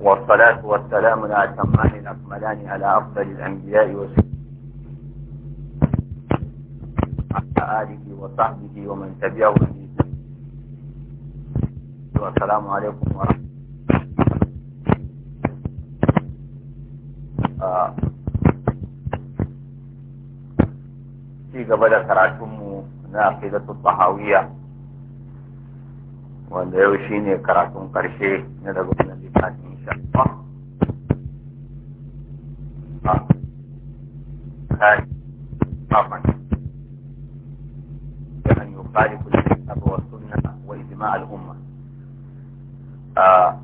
والصلاة والسلام على سمعان الأكملان على أفضل الأنبياء وعلى آله وصحبه ومن تبعه والسلام عليكم ورحمة الله آه. في قبل كراتم ناقضة الطحاوية وأن yau shi قرشي ندقون ƙarshe shafa a kari a al'umma a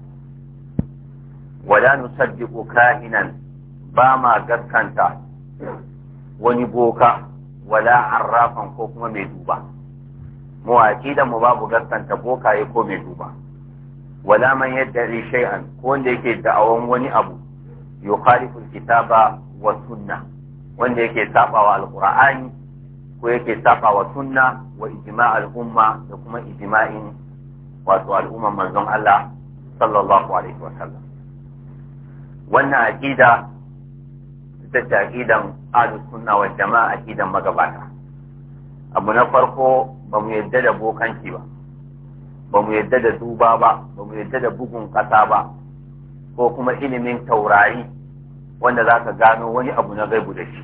wadannan sabbi boka inan ba ma gaskanta wani boka wala arrafan ko kuma mai duba mu a mu babu gaskanta boka ya ko mai duba wala man yadda shay'an ko wanda yake da'awan wani abu yukhalifu kitaba wa sunna wanda yake sabawa alqur'ani ko yake sabawa sunna wa ijma' al'umma da kuma ijma'in wato al'umman manzon Allah sallallahu alaihi wa sallam wannan aqida ita ce aqidan ahlus sunna wal jama'a aqidan magabata abu na farko ba mu yadda da bokanci ba ba mu yadda da duba ba ba mu yadda da bugun kasa ba ko kuma ilimin taurari wanda za ka gano wani abu na gaibu da shi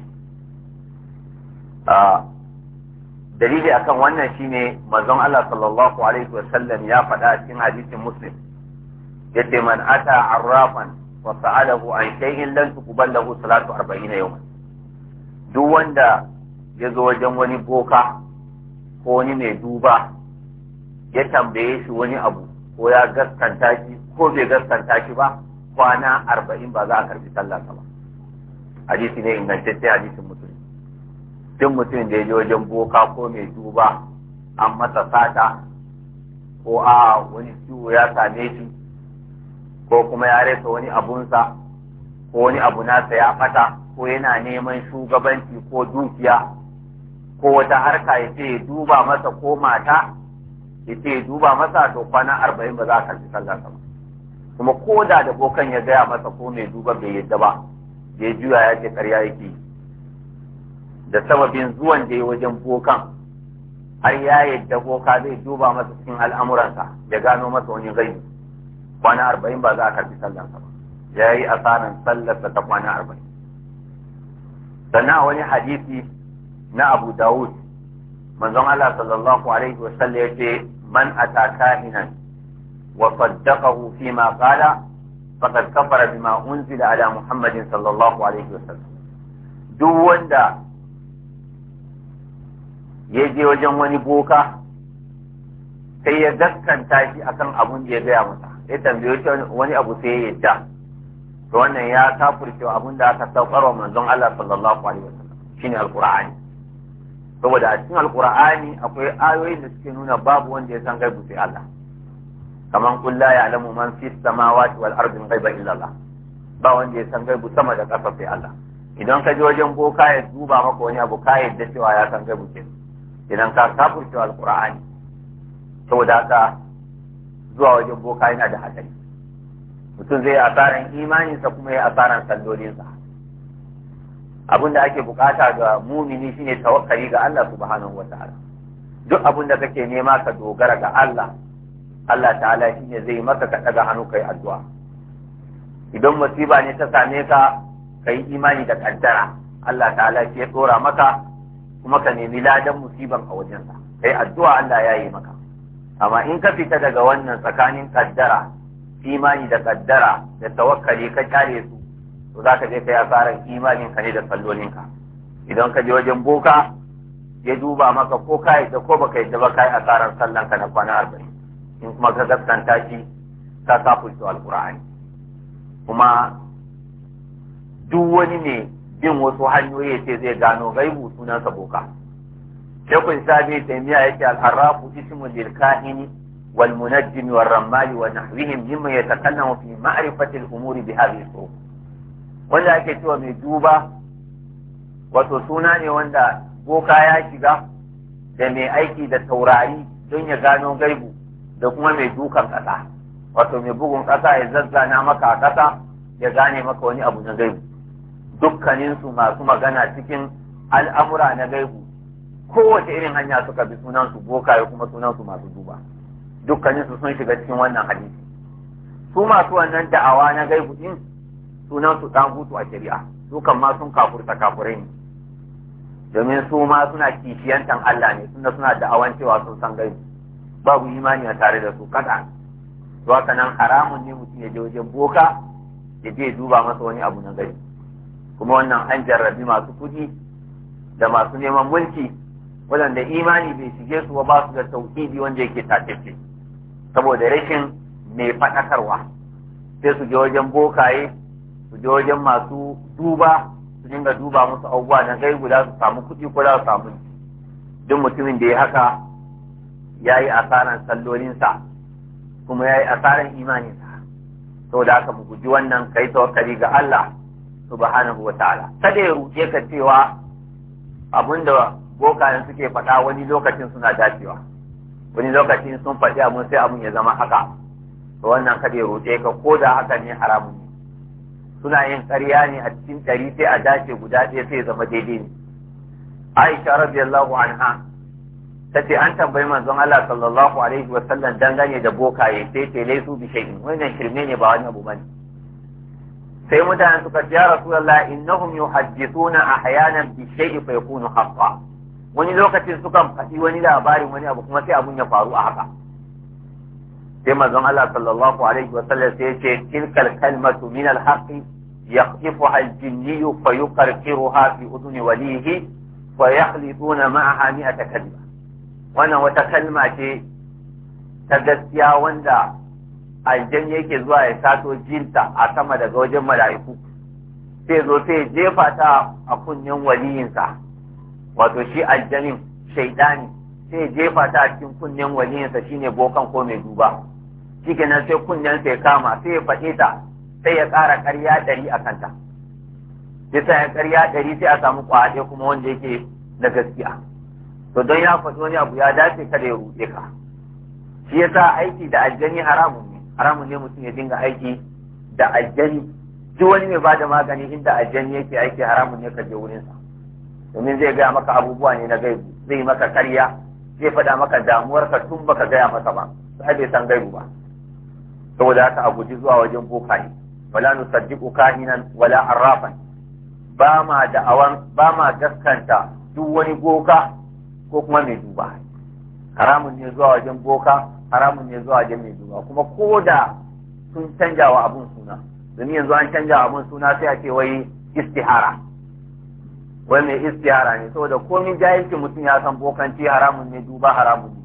dalili akan wannan shi ne mazan Allah sallallahu alaihi wasallam ya faɗa a cikin hadisin muslim Yadda man ata arrafan wa sa'alahu an shay'in lan tuqbal lahu salatu 40 yawma duk wanda ya zo wajen wani boka ko wani mai duba ya tambaye shi wani abu ko ya gaskanta shi ko bai gaskanta shi ba kwana arba'in ba za a karbi ka ba hadisi ne ingantacce hadisin mutum duk mutum da ya je wajen boka ko mai duba an masa sata ko a wani ciwo ya same shi ko kuma ya rasa wani abunsa ko wani abu nasa ya fata ko yana neman shugabanci ko dukiya ko wata harka ya ce duba masa ko mata ya duba masa to kwana arba'in ba za a karbi sallar ba. kuma ko da da bokan ya gaya masa ko mai duba bai yadda ba ya juya ya ce karya yake da sababin zuwan da ya wajen bokan har ya yadda boka zai duba masa cikin al'amuransa ya gano masa wani gaibi kwana arba'in ba za a karbi sallar ba ya yi sallar sallarsa ta kwana arba'in sannan wani hadisi na abu dawud manzon Allah sallallahu alaihi wasallam yace man ata kahinan wa saddaqahu fi ma qala faqad kafara bima unzila ala Muhammadin sallallahu alaihi wasallam duk wanda ya je wajen wani boka sai ya gaskanta shi akan abun da ya gaya masa ya tambaye wani abu sai ya yadda to wannan ya kafurce abun da aka saukar wa manzon Allah sallallahu alaihi wasallam shine alqur'ani saboda a cikin alkur'ani akwai ayoyin da suke nuna babu wanda ya san gaibu sai Allah kaman qul la ya'lamu man fi samawati wal ardi ghaiba illa Allah ba wanda ya san gaibu sama da ƙasa sai Allah idan ka je wajen boka ya duba maka wani abu ka yadda cewa ya san gaibu sai idan ka kafurce alkur'ani saboda haka zuwa wajen boka yana da hatsari mutum zai asaran imaninsa kuma ya asaran sallolinsa abin da ake bukata ga mumini shine tawakkali ga Allah subhanahu wataala duk abinda kake nema ka dogara ga Allah Allah ta'ala shine zai maka ka daga hannu kai addu'a idan musiba ne ta same ka kai imani da kaddara Allah ta'ala shi ya tsora maka kuma ka nemi ladan musiban a wajensa kai addu'a Allah ya yi maka amma in ka fita daga wannan tsakanin kaddara imani da kaddara da tawakkali ka kare su to za ka je kai asaran imanin ka ne da sallolin ka idan ka je wajen boka ya duba maka ko ka yi ko baka yadda ba kai sallar sallan ka na kwana arba'in in kuma ka gaskanta shi ka kafulto alkur'ani kuma duk wani ne bin wasu hanyoyi ce zai gano gaibu sunansa boka shekun sabi taimiya yake al-harrafu ismun lil wal munajjim wal ramali wa nahwihim mimma yatakallamu fi ma'rifati al-umuri bi hadhihi wanda ake cewa mai duba wato suna ne wanda boka ya shiga da mai aiki da taurari don ya gano gaibu da kuma mai dukan ƙasa wato mai bugun ƙasa ya zazzana maka a ƙasa ya gane maka wani abu na gaibu dukkaninsu masu magana cikin al'amura na gaibu kowace irin hanya suka bi sunansu boka ya kuma sunansu masu duba dukkaninsu sun shiga cikin wannan hadisi su masu wannan da'awa na gaibu din sunan su hutu a shari'a su kan ma sun kafurta kafurai ne domin su ma suna kishiyantan Allah ne suna suna da'awan cewa sun san gani babu imani a tare da su kada to haka nan haramun ne mutum ya je wajen boka ya je duba masa wani abu na gari kuma wannan an jarrabi masu kudi da masu neman mulki waɗanda imani bai shige su ba su da tauhidi wanda yake tatacce saboda rashin mai faɗakarwa sai su je wajen bokaye wajen masu duba su dinga duba musu abubuwa na gai guda su samu kuɗi ko za su samu duk mutumin da ya haka ya yi asaran sallolinsa kuma ya yi asaran imaninsa saboda haka mu guji wannan kai tawakkali ga Allah subhanahu ta'ala kada ya ruɗe ka cewa abinda bokayen suke faɗa wani lokacin suna dacewa wani lokacin sun faɗi abun sai abun ya zama haka to wannan kada ya ruɗe ka ko da hakan ne haramun suna yin ƙarya ne a cikin ɗari sai a dace guda ɗaya sai ya zama daidai ne aisha radiyallahu anha ta ce an tambayi manzon Allah sallallahu alaihi wa sallam dangane da bokaye sai ce laisu bi wani wannan shirme ne ba wani abu bane sai mutane suka ce ya rasulullah innahum yuhaddithuna ahyanan bi shay'in fa yakunu haqqan wani lokacin sukan faɗi wani labarin wani abu kuma sai abun ya faru a haka sai mazan Allah sallallahu alaihi wa sallam sai yace tilkal kalmatu min al yaqifu aljinni fa yuqarriruha fi udni walihi fa yakhliduna ma'aha mi'ata kalma wannan wata kalma ce ta gaskiya wanda aljan yake zuwa ya sato jinta a sama daga wajen mala'iku sai zo sai jefa ta a kunnen waliyinsa wato shi aljanin shaidani sai jefa ta a cikin kunnen waliyinsa shine bokan ko mai duba nan sai kunnen sai kama sai ya faɗe ta sai ya ƙara ƙarya ɗari a kanta yasa ya ƙarya ɗari sai a samu kwaɗe kuma wanda yake na gaskiya to don ya faɗi wani abu ya dace kada ya ruɗe ka shi yasa aiki da aljani haramun ne haramun ne mutum ya dinga aiki da aljani duk wani mai bada magani inda aljani yake aiki haramun ne ka je wurinsa domin zai gaya maka abubuwa ne na gaibu zai maka karya zai faɗa maka damuwar ka tun baka gaya masa ba sai bai san gaibu ba saboda haka a guji zuwa wajen bokaye wala nusaddiqu kahinan wala arrafan ba ma da awan ba ma gaskanta duk wani boka ko kuma mai duba haramun ne zuwa wajen boka haramun ne zuwa wajen mai duba kuma ko da sun canja wa abun suna domin yanzu an canja wa abun suna sai a ce wai istihara wai mai istihara ne saboda komin jahilci mutum ya san bokanci haramun ne duba haramun ne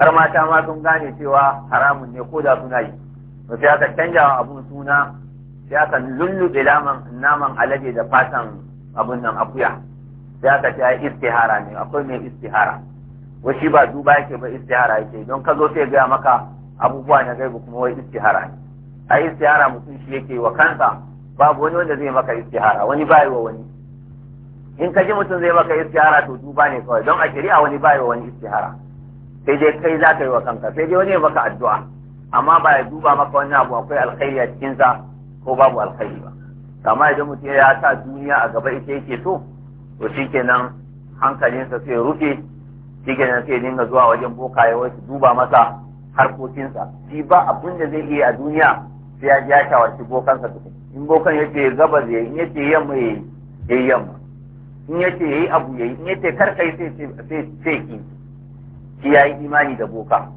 har mata ma sun gane cewa haramun ne ko da suna yi to sai aka canja wa abun suna sai aka lullube bilaman naman alade da fatan abun nan akuya sai aka ce ai istihara ne akwai mai istihara wai shi ba duba yake ba istihara yake don ka zo sai gaya maka abubuwa na gaibu kuma wai istihara ne ai istihara mutum shi yake wa kansa babu wani wanda zai maka istihara wani bai wa wani in ka ji mutum zai maka istihara to duba ne kawai don a shari'a wani bai wa wani istihara sai dai kai za ka yi wa kanka sai dai wani ya maka addu'a amma ba ya duba maka wani abu akwai alkhairi a cikinsa ko babu alkhairi ba kama idan mutum ya sa duniya a gaba ita yake so to shikenan hankalinsa sai rufe shikenan sai dinga zuwa wajen bokaye wai su duba masa harkokinsa shi ba abin da zai iya a duniya sai ya ji ya shawarci bokansa tukun in bokan ya ce zai yi in ya ce yamma ya yi yamma in ya ce ya yi abu ya yi in ya ce yi sai sai ki shi ya yi imani da boka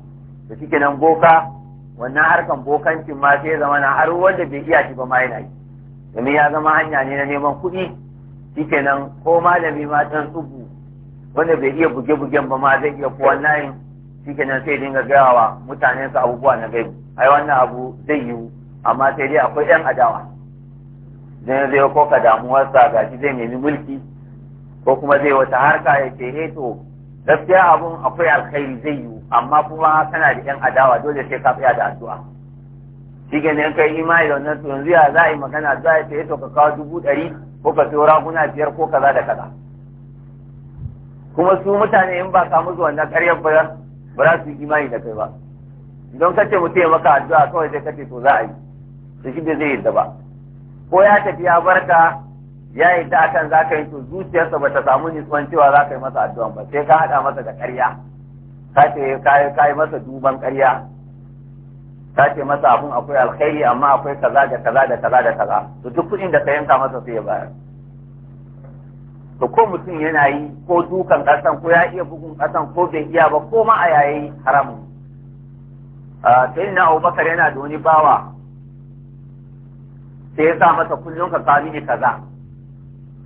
to shi boka wannan harkan bokancin ma sai zama na har wanda bai iya shi ba ma yana yi domin ya zama hanya ne na neman kuɗi shi ko malami ma can tsubu wanda bai iya buge-bugen ba ma zai iya kowa layin shi sai dinga gaya wa mutanensa abubuwa na gaibu ai wannan abu zai yiwu amma sai dai akwai 'yan adawa don zai koka damuwarsa ga shi zai nemi mulki ko kuma zai wata harka ya ce eh to gaskiya abun akwai alkhairi zai yiwu amma kuma kana da yan adawa dole sai ka tsaya da addu'a shi ke ne kai imani da wannan yanzu ya za a yi magana za ya sai eh, ka kawo dubu ɗari ko ka sayo raguna biyar ko kaza da kaza kuma su mutane in ba ka musu wannan ƙaryar ba ba za su yi imani da kai ba don kace mutum ya maka addu'a kawai sai kace to za a yi su shi bai zai yi ba ko ya tafi ya barka ya yi ta kan za ka yi to zuciyarsa ba ta samu nutsuwan cewa za ka yi masa addu'an ba sai ka haɗa masa da ƙarya ka ce ka yi masa duban ƙarya ka ce masa abun akwai alkhairi amma akwai kaza da kaza da kaza da kaza to duk kuɗin da ka yanka masa sai ya bayar to ko mutum yana yi ko dukan ƙasan ko ya iya bugun ƙasan ko bai iya ba ko ma a yayi haramun sai na abubakar yana da wani bawa sai ya sa masa kullum ka kawo ni kaza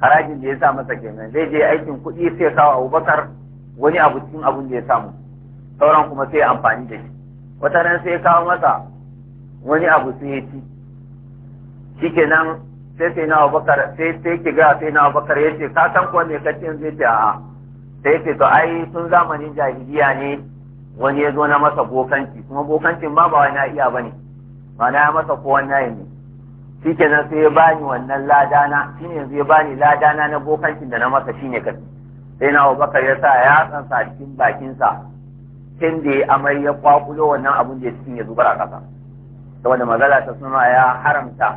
harajin da ya sa masa kenan zai je aikin kuɗi sai kawo abubakar wani abu cikin abun da ya samu sauran kuma sai amfani da shi wata nan sai kawo masa wani abu sai ya ci shikenan sai sai na abubakar sai sai ki ga sai na abubakar ya ce ka san ko ka kace zai ce a'a sai ce to ai sun zamanin jahiliya ne wani ya zo na masa bokanci kuma bokancin ma ba wani iya bane na ya masa ko wani ne shi kenan sai ya bani wannan ladana shi ne yanzu ya bani ladana na bokancin da na masa shi ne kasi sai na abubakar ya sa ya tsansa cikin bakinsa tun da ya amai ya kwakulo wannan abun da ya cikin ya zubar a ƙasa saboda magana ta suna ya haramta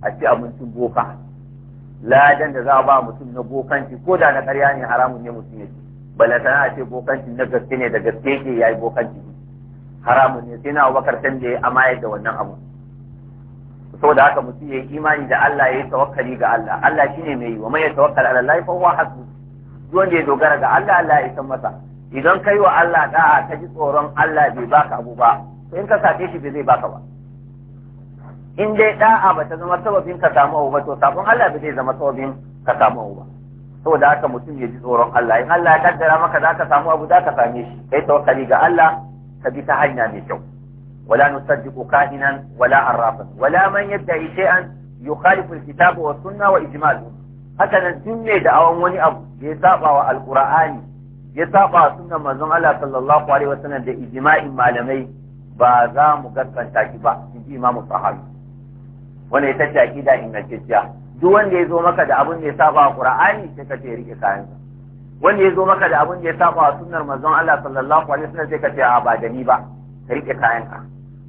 a ci abincin boka ladan da za a ba mutum na bokanci ko da na ƙarya ne haramun ne mutum ya ci balantana a ce bokanci na gaske ne da gaske ke ya yi bokanci haramun ne sai na abubakar tun da ya amayar da wannan abu saboda haka mutum ya yi imani da Allah ya yi tawakkali ga Allah Allah shine mai yi wa mai ya tawakkal ala Allah fa huwa hasbu duk wanda ya dogara ga Allah Allah ya san masa idan kai wa Allah da'a ka ji tsoron Allah bai baka abu ba sai in ka sake shi bai zai baka ba in dai da'a ba ta zama sababin ka samu abu ba to sabon Allah bai zai zama sababin ka samu abu ba saboda haka mutum ya ji tsoron Allah in Allah ya kaddara maka za ka samu abu za ka same shi kai tawakkali ga Allah ka bi ta hanya mai kyau ولا نصدق كائنا ولا عرافا ولا من يدعي شيئا يخالف الكتاب والسنة وإجماع هكذا الدنيا دعوة وني أبو يتابع القرآن يتابع سنة ما الله صلى الله عليه وسلم دي إجماع مالمي بازا مقدفا تاكبا في إمام الصحابي wani ita ce aƙida ingantacciya duk wanda ya zo maka da abin da ya saba wa qur'ani sai ka ce rike kayansa wanda ya zo maka da abin da ya saba wa sunnar manzon Allah sallallahu alaihi wasallam sai ka ce a ba da ni ba ka rike kayanka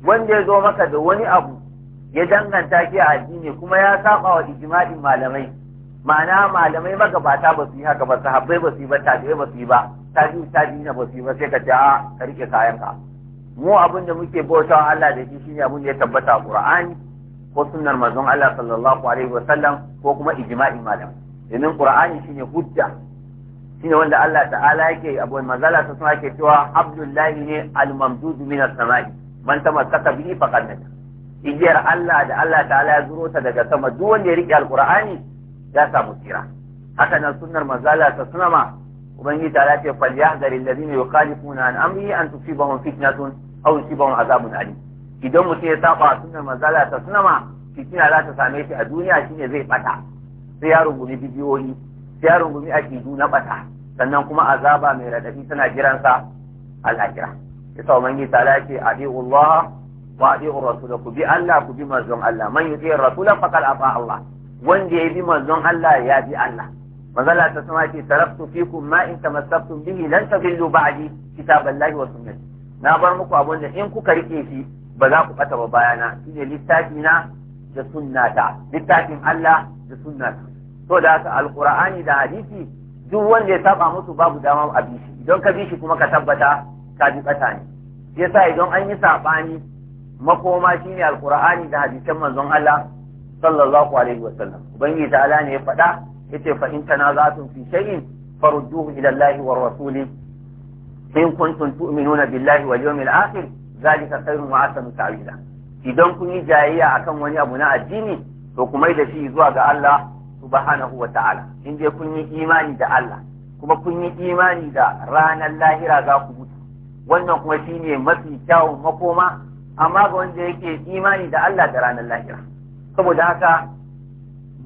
wanda ya zo maka da wani abu ya danganta shi a addini kuma ya saba wa ijma'in malamai ma'ana malamai magabata ba su yi haka ba sahabbai ba su yi ba tabi'ai ba su yi ba tabi'u tabi'ina ba su yi ba sai ka ce a ka rike kayanka mu abin da muke bautawa Allah da shi shine abin da ya tabbata a Qur'ani ko sunnar manzon Allah sallallahu alaihi wa sallam ko kuma ijma'in malam. domin Qur'ani shine hujja shine wanda Allah ta'ala yake abu mazala ta suna ke cewa Abdullahi ne al-mamdud min as-sama'i man tamassaka bihi faqad nata igiyar Allah da Allah ta'ala ya zuro ta daga sama duk wanda ya rike alqur'ani ya samu tsira haka nan sunnar manzala ta sunama ubangiji ta ce fal yahdari alladhina yukhalifuna an amri an tusibahum fitnatun aw yusibahum azabun alim idan mutum ya saba sunnar manzala ta sunama fitina za ta same shi a duniya shine zai bata sai ya rungumi bidiyoyi sai ya rungumi akidu na bata sannan kuma azaba mai radadi tana jiransa al'akira yasa ubangiji ta lafi adi'u Allah wa adi'u rasul ku bi Allah ku bi manzon Allah man yuti rasul faqad ata Allah wanda ya bi manzon Allah ya bi Allah manzala ta sama ce taraktu fikum ma in tamassaktum bihi lan tadillu ba'di kitaballahi wa sunnati na bar muku abun da in kuka rike shi ba za ku bata ba bayana shine littafi na da sunnata littafin Allah da sunnata to da haka alqur'ani da hadisi duk wanda ya saba musu babu dama a bi shi idan ka bi shi kuma ka tabbata ka bi bata ne yasa idan an yi saɓani makoma shine Alƙur'ani da hadisan manzon Allah sallallahu alaihi wasallam ubangi Allah ne ya faɗa yace fa in tanaza'tum fi shay'in farudduhu ila Allah wa rasuli in kuntum tu'minuna billahi wal yawmil akhir zalika khairun wa ahsanu ta'wila idan kun yi jayayya akan wani abu na addini to kuma da shi zuwa ga Allah subhanahu wa ta'ala in dai kun yi imani da Allah kuma kun yi imani da ranar lahira za ku wannan kuma shi ne mafi kyawun makoma amma ga wanda yake imani da Allah da ranar lahira saboda haka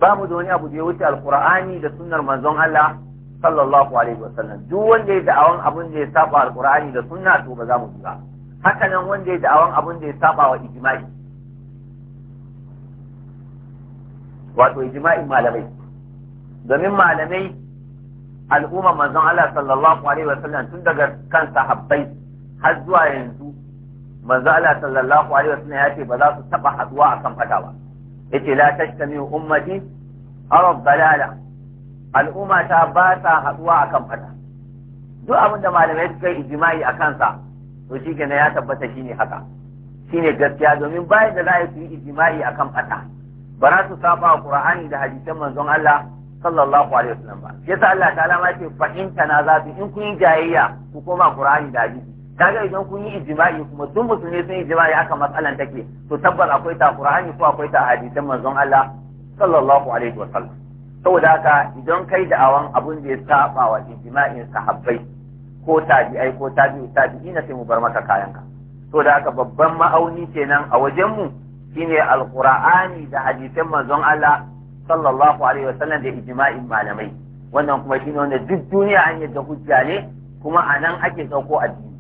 ba mu da wani abu da ya wuce alkur'ani da sunnar manzon Allah sallallahu alaihi wasallam duk wanda ya da'awan abin da ya saba alkur'ani da sunna to ba za mu ji ba haka nan wanda ya da'awan abin da ya saba wa ijma'i wato ijma'in malamai domin malamai al'umma manzon Allah sallallahu alaihi wasallam tun daga kan sahabbai har zuwa yanzu manzo Allah sallallahu alaihi wasallam ya ce ba za su taba haduwa akan fata ba yace la tashtami ummati arab dalala al'umma ta ba ta haduwa akan fata duk abinda malamai suka yi ijma'i akan sa to shikenan ya tabbata shine haka shine gaskiya domin bayan da za su yi ijma'i akan fata ba za su saba wa Qur'ani da hadisan manzon Allah sallallahu alaihi wasallam ba yasa Allah ta'ala ma ce fa in kana in kun yi jayayya ku koma Qur'ani da hadisi kaga idan kun yi ijma'i kuma duk musulmi sun yi ijma'i aka matsalan take to tabbar akwai ta qur'ani ko akwai ta hadisan manzon Allah sallallahu alaihi wa sallam saboda haka idan kai da awan abun da ya saba wa ijma'in sahabbai ko tabi'ai ko tabi'u na sai mu bar maka kayanka saboda haka babban ma'auni kenan a wajen mu shine alqur'ani da hadisan manzon Allah sallallahu alaihi wa sallam da ijma'in malamai wannan kuma shine wanda duk duniya an yadda hujja ne kuma anan ake dauko addini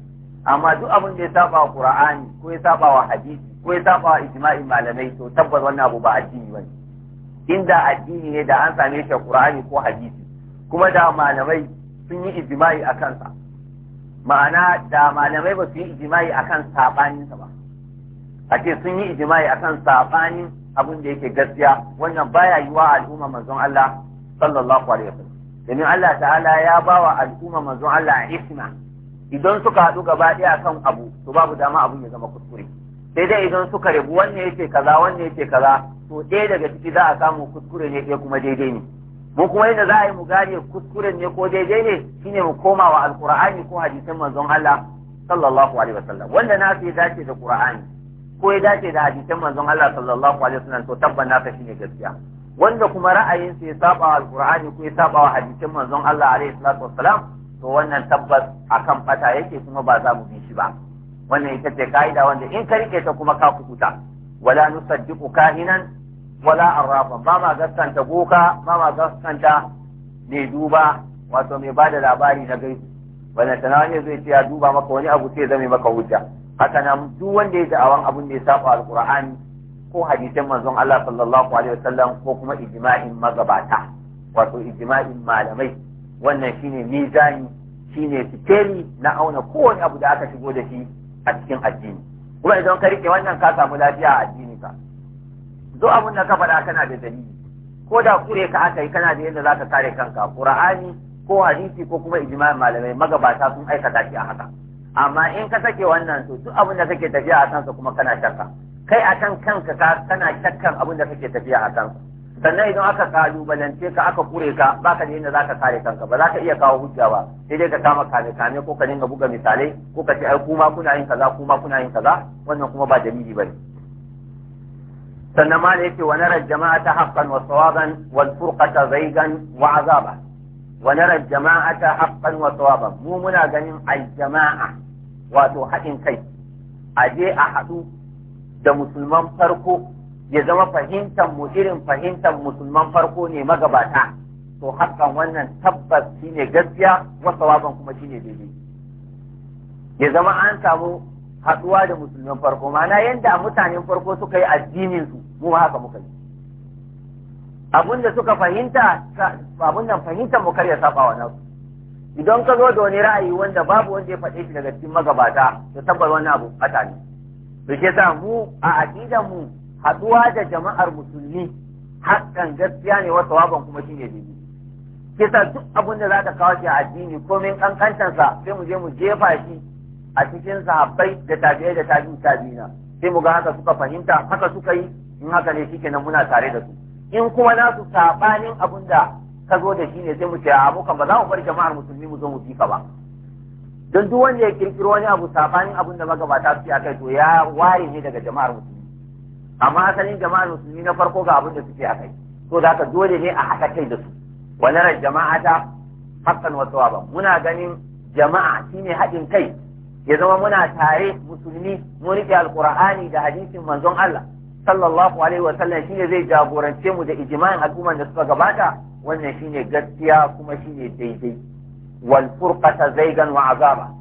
amma duk abin da ya saba wa qur'ani ko ya saba wa hadisi ko ya saba wa ijma'in malamai to tabbas wannan abu ba addini bane inda addini ne da an same shi qur'ani ko hadisi kuma da malamai sun yi ijma'i a kansa ma'ana da malamai ba su yi ijma'i akan sabanin sa ba a ce sun yi ijma'i akan sabanin abin da yake gaskiya wannan baya yiwa al'umma manzon Allah sallallahu alaihi wasallam domin Allah ta'ala ya bawa al'umma manzon Allah isma idan suka haɗu gaba ɗaya kan abu to babu dama abun ya zama kuskure sai dai idan suka rabu wanne yake kaza wanne yake kaza to ɗaya daga ciki za a samu kuskure ne ɗaya kuma daidai ne mu kuma yadda za a yi mu gane kuskuren ne ko daidai ne shine mu koma wa alqur'ani ko hadisin manzon Allah sallallahu alaihi wasallam wanda na fi dace da qur'ani ko ya dace da hadisin manzon Allah sallallahu alaihi wasallam to tabban naka shine gaskiya wanda kuma ra'ayinsa ya saba wa alqur'ani ko ya saba wa hadisin manzon Allah alaihi salatu wassalam to wannan tabbas akan fata yake kuma ba za mu bi shi ba wannan ita ce ka'ida wanda in ka rike ta kuma ka kukuta wala nusaddiqu kahinan wala arrafa ba ma gaskanta goka ba ma gaskanta ne duba wato mai bada labari na gaisu wannan tana zai ce ya duba maka wani abu sai zame maka hujja haka nan duk wanda ya da'awan abun da ya saba alquran ko hadisin manzon Allah sallallahu alaihi wasallam ko kuma ijma'in magabata wato ijma'in malamai wannan shine mizani shine sikeli na auna kowane abu da aka shigo da shi a cikin addini kuma idan ka rike wannan ka samu lafiya a addini ka zo abun da ka faɗa kana da dalili ko da kure ka aka yi kana da yadda zaka kare kanka qur'ani ko hadisi ko kuma ijma'in malamai magabata sun aikata shi a haka amma in ka sake wannan to duk abin da kake tafiya a kansa kuma kana shakka kai a kan kanka kana shakkan abin da kake tafiya a kansa sannan idan aka kalubalance ka aka kure ka baka da yadda za ka kare kanka ba za ka iya kawo hujja ba sai dai ka kama kame kame ko ka dinga buga misalai ko ka ce ai kuma kuna yin kaza kuma kuna yin kaza wannan kuma ba dalili bane sannan ma da yake wa nara jama'ata haqqan wa sawaban wal furqata zaygan wa azaba wa nara jama'ata haqqan wa sawaban mu muna ganin al jama'a wato haɗin kai a je a haɗu da musulman farko ya zama fahimtar mu irin fahimtar musulman farko ne magabata to hakan wannan tabbas shine gaskiya wasu waban kuma shine daidai ya zama an samu haɗuwa da musulman farko mana yadda mutanen farko suka yi addinin su mu haka muka yi abinda suka fahimta abinda fahimta mu karya saba wa nasu idan ka zo da wani ra'ayi wanda babu wanda ya faɗe shi daga cikin magabata to tabbar wani abu kata ne to ke sa mu a aqidan mu Haduwa da jama'ar musulmi hakan gaskiya ne wa sawaban kuma shine daidai kisa duk abin da za ka kawo shi a addini komai kankantansa sai mu je mu jefa shi a cikin sahabbai da tabi'ai da tabi'u tabi'ina sai mu ga haka suka fahimta haka suka yi in haka ne nan muna tare da su in kuma na su sabanin abin da ka zo da shi ne sai mu ce a abokan ba za mu bar jama'ar musulmi mu zo mu fika ba don duk wanda ya kirkiro wani abu sabanin abin da magabata su yi kai to ya ware ne daga jama'ar musulmi amma asalin jama'ar musulmi na farko ga abin da suke a kai to da ka dole ne a haɗa kai da su walarar jama'a ta haƙƙan wasu ba muna ganin jama'a shine haɗin kai ya zama muna tare musulmi mun riƙe alƙur'ani da hadisin manzon Allah sallallahu alaihi wa sallam shine zai jagorance mu da ijma'in al'umman da suka gabata wannan shine gaskiya kuma shine daidai wal furqata zaigan wa azaba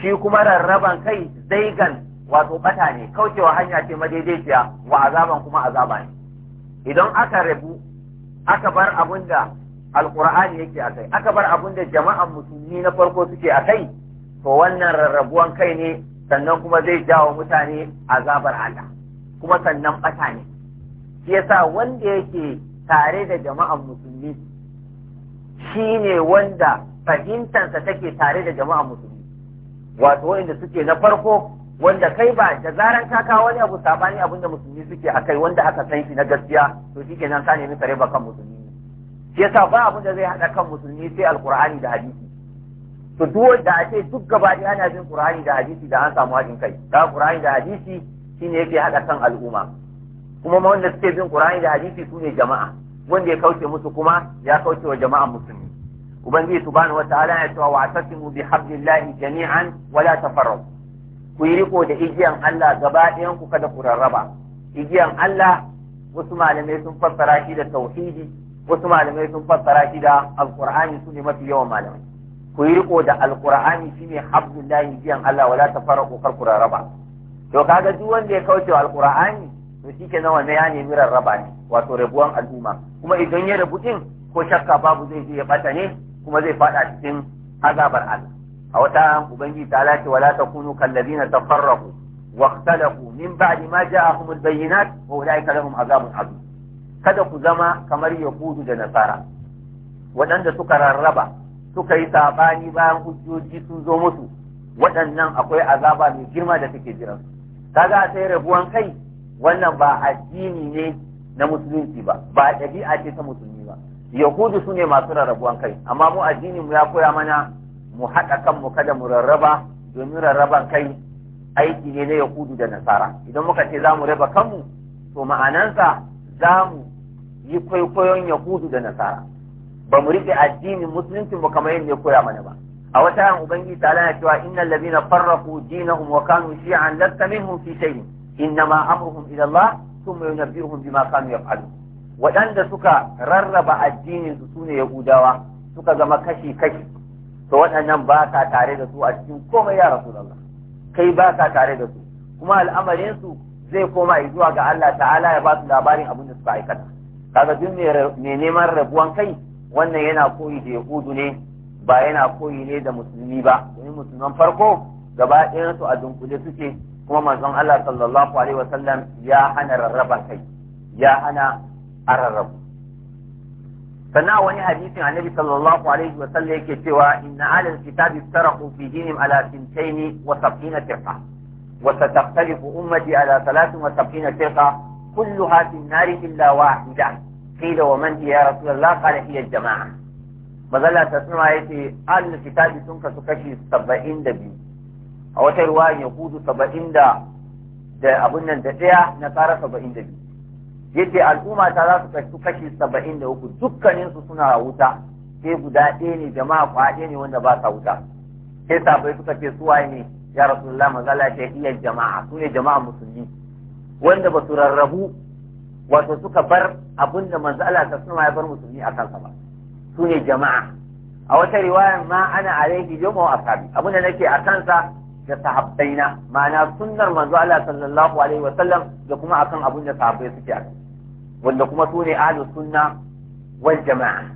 shi kuma rarraban kai zaigan wato bata ne kaucewa hanya ce madaidaiciya wa azaban kuma azaba ne idan aka rabu aka bar abin da alqur'ani yake kai, aka bar abin da jama'an musulmi na farko suke a kai, to wannan rarrabuwan kai ne sannan kuma zai jawo mutane azabar Allah kuma sannan bata ne shi yasa wanda yake tare da jama'an musulmi shine wanda fahimtansa take tare da jama'an musulmi wato wanda suke na farko wanda kai ba da zaran ka kawo wani abu sabani abin da musulmi suke a kai wanda aka san shi na gaskiya to shikenan ka nemi kare ba kan musulmi shi yasa ba abin da zai hada kan musulmi sai alkur'ani da hadisi to duk da ake duk gaba da ana jin qur'ani da hadisi da an samu hadin kai da qur'ani da hadisi shine yake hada kan al'umma kuma ma wanda suke bin qur'ani da hadisi sune jama'a wanda ya kauce musu kuma ya kauce wa jama'a musulmi ubangiji subhanahu wataala ya ce wa atasimu bihablillahi jami'an wala tafarraqu ku yi riko da igiyan Allah gaba ɗayan ku kada ku rarraba igiyan Allah wasu malamai sun fassara shi da tauhidi wasu malamai sun fassara shi da alqur'ani su ne mafi yawan malamai ku yi riko da alqur'ani shine habdullahi igiyan Allah wala tafarraqu kar ku rarraba to kaga duk wanda ya kauce alkur'ani alqur'ani to shikenan wannan ya nemi rarraba ne wato rabuwan al'umma kuma idan ya rabu din ko shakka babu zai je ya bata ne kuma zai fada cikin azabar Allah a wata ubangiji ta lati wala takunu kallazina tafarraqu واختلفوا من بعد ما جاءهم البينات واولئك لهم عذاب عظيم kada ku zama kamar yahudu da nasara waɗanda suka rarraba suka yi saɓani bayan hujjoji sun zo musu waɗannan akwai azaba mai girma da take jiran kaga sai rabuwan kai wannan ba addini ne na musulunci ba ba ɗabi'a ce ta musulmi ba yahudu su ne masu rarrabuwan kai amma mu addinin mu ya koya mana mu haɗa kanmu kada mu rarraba domin rarraban kai aiki ne na yahudu da nasara idan muka ce za mu raba kanmu to ma'anansa za mu yi kwaikwayon yahudu da nasara ba mu riƙe addinin musulunci mu kamar yadda ya koya mana ba a wata yan ubangiji ta lana cewa innal ladina farraqu dinahum wa kanu shi'an lasta minhum fi shay'in innama amruhum ila Allah thumma yunabbi'uhum bima kanu yaf'alun waɗanda suka rarraba addinin su sune yahudawa suka zama kashi kashi Da waɗannan ba ka tare da su a cikin komai ya Allah, kai ba ka tare da su kuma al'amarin su zai koma zuwa ga Allah ta'ala ya ba su labarin abin da suka aikata kaga duk mai neman rabuwan kai wannan yana koyi da yahudu ne ba yana koyi ne da musulmi ba domin musulman farko gaba ɗayansu su a dunkule suke kuma manzon Allah sallallahu alaihi wasallam ya hana rarraba kai ya hana a rarrabu sannan wani hadisin annabi sallallahu alaihi wa sallam yake cewa inna alal kitabi tarahu fi dinihim ala sintaini wa sab'ina firqa wa sataqtalifu ummati ala thalathin wa sab'ina firqa kulluha fi an-nar illa wahida qila wa man ya rasulullah qala hiya jamaa mazalla ta sunwa yace alal kitabi sun kasu kashi 72 a wata ruwa yahudu 70 da abun nan da daya na tsara 72 yace al'umma ta za su kashi kashi saba'in da uku dukkanin su suna wuta sai guda ɗaya ne jama'a ɗaya ne wanda ba sa wuta sai sabai suka ce su waye ne ya rasulullah mazala ta iya jama'a su ne jama'a musulmi wanda ba su rarrabu wato suka bar abin da manzala ta suna ya bar musulmi a kansa ba su ne jama'a a wata riwayar ma ana alaihi yawma wa ashabi abin da nake a kansa da na ma'ana sunnar manzo Allah sallallahu alaihi wasallam da kuma akan abin da sahabbai suke akai wanda kuma su ne ahlus sunna wal jama'a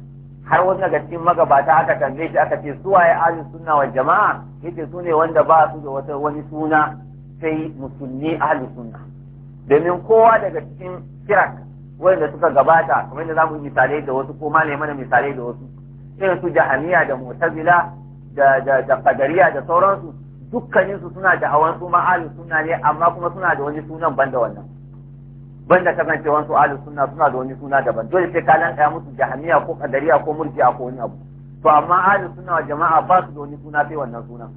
har wasu daga cikin magabata aka tambaye shi aka ce su waye ahlus sunna wal jama'a yace su wanda ba su da wata wani suna sai musulmi ahlus sunna domin kowa daga cikin firak wanda suka gabata kamar yadda zamu misalai da wasu ko malai mana misalai da wasu irin su jahamiya da mu'tazila da da da qadariya da sauransu su suna da hawan su ma ahlus sunna ne amma kuma suna da wani sunan banda wannan banda kasancewan su ahlus sunna suna da wani suna daban dole sai ka lanka musu jahamiya ko qadariya ko murji'a ko wani abu to amma ahlus sunna wa jama'a ba su da wani suna sai wannan sunan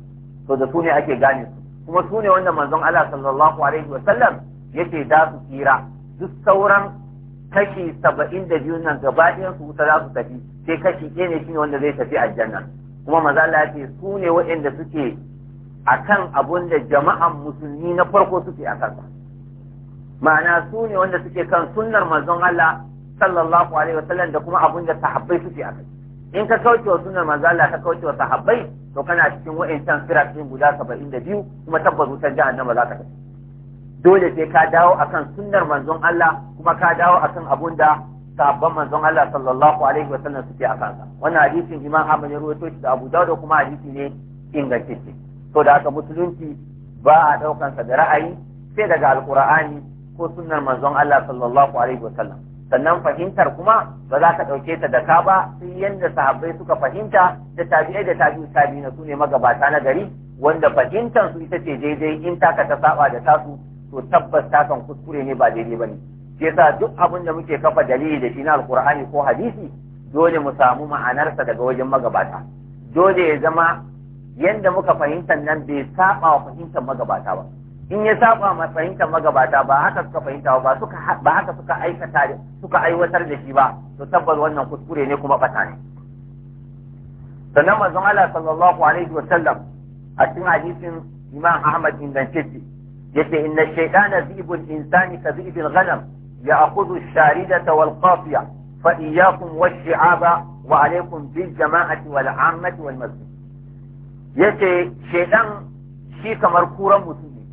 to da su ne ake gane su kuma su ne wanda manzon Allah sallallahu alaihi wa sallam yake da su kira duk sauran kashi saba'in da biyu nan gaba ɗayan su wuta za su tafi sai kashi ɗaya ne shine wanda zai tafi aljanna kuma maza Allah ce su ne waɗanda suke akan abun da jama'an musulmi na farko suke a kansa ma'ana su ne wanda suke kan sunnar manzon Allah sallallahu alaihi wa sallam da kuma abun da sahabbai suke a kansa in ka kauce wa sunnar manzon Allah ka kauce wa sahabbai to kana cikin wa'ancan firashin guda saba'in da biyu kuma tabbas wutar jihar nan ba za ka tafi dole sai ka dawo akan sunnar manzon Allah kuma ka dawo akan abun da sabon manzon Allah sallallahu alaihi wa sallam suke a kansa wannan hadisin Imam Ahmad ya rawaito shi da Abu Dawud kuma hadisi ne ingantacce to da aka musulunci ba a ɗaukan sa da ra'ayi sai daga alqur'ani ko sunnar manzon Allah sallallahu alaihi wasallam sannan fahimtar kuma ba za ka ɗauke ta da ka ba sai yadda sahabbai suka fahimta da tabi'ai da tabi'u tabi'ina na sune magabata na gari wanda fahimtar su ita ce daidai in taka ta saba da tasu to tabbas takan kuskure ne ba daidai bane shi yasa duk abin da muke kafa dalili da shi na alkur'ani ko hadisi dole mu samu ma'anarsa daga wajen magabata dole ya zama yanda muka fahimta nan bai saba wa fahimtar magabata ba in ya saba ma fahimtar magabata ba haka suka fahimta ba suka ba haka suka aikata suka aiwatar da shi ba to tabbas wannan kuskure ne kuma bata ne sannan manzon Allah sallallahu alaihi wa sallam a cikin hadisin Imam Ahmad Bin ingantacce yace inna shaytana zibul insani ka zibil ghanam ya'khudhu ash-sharidata wal qafiya fa iyyakum wash-shi'aba wa alaykum bil jama'ati wal 'ammati wal masjid yace shedan shi kamar kuran mutum ne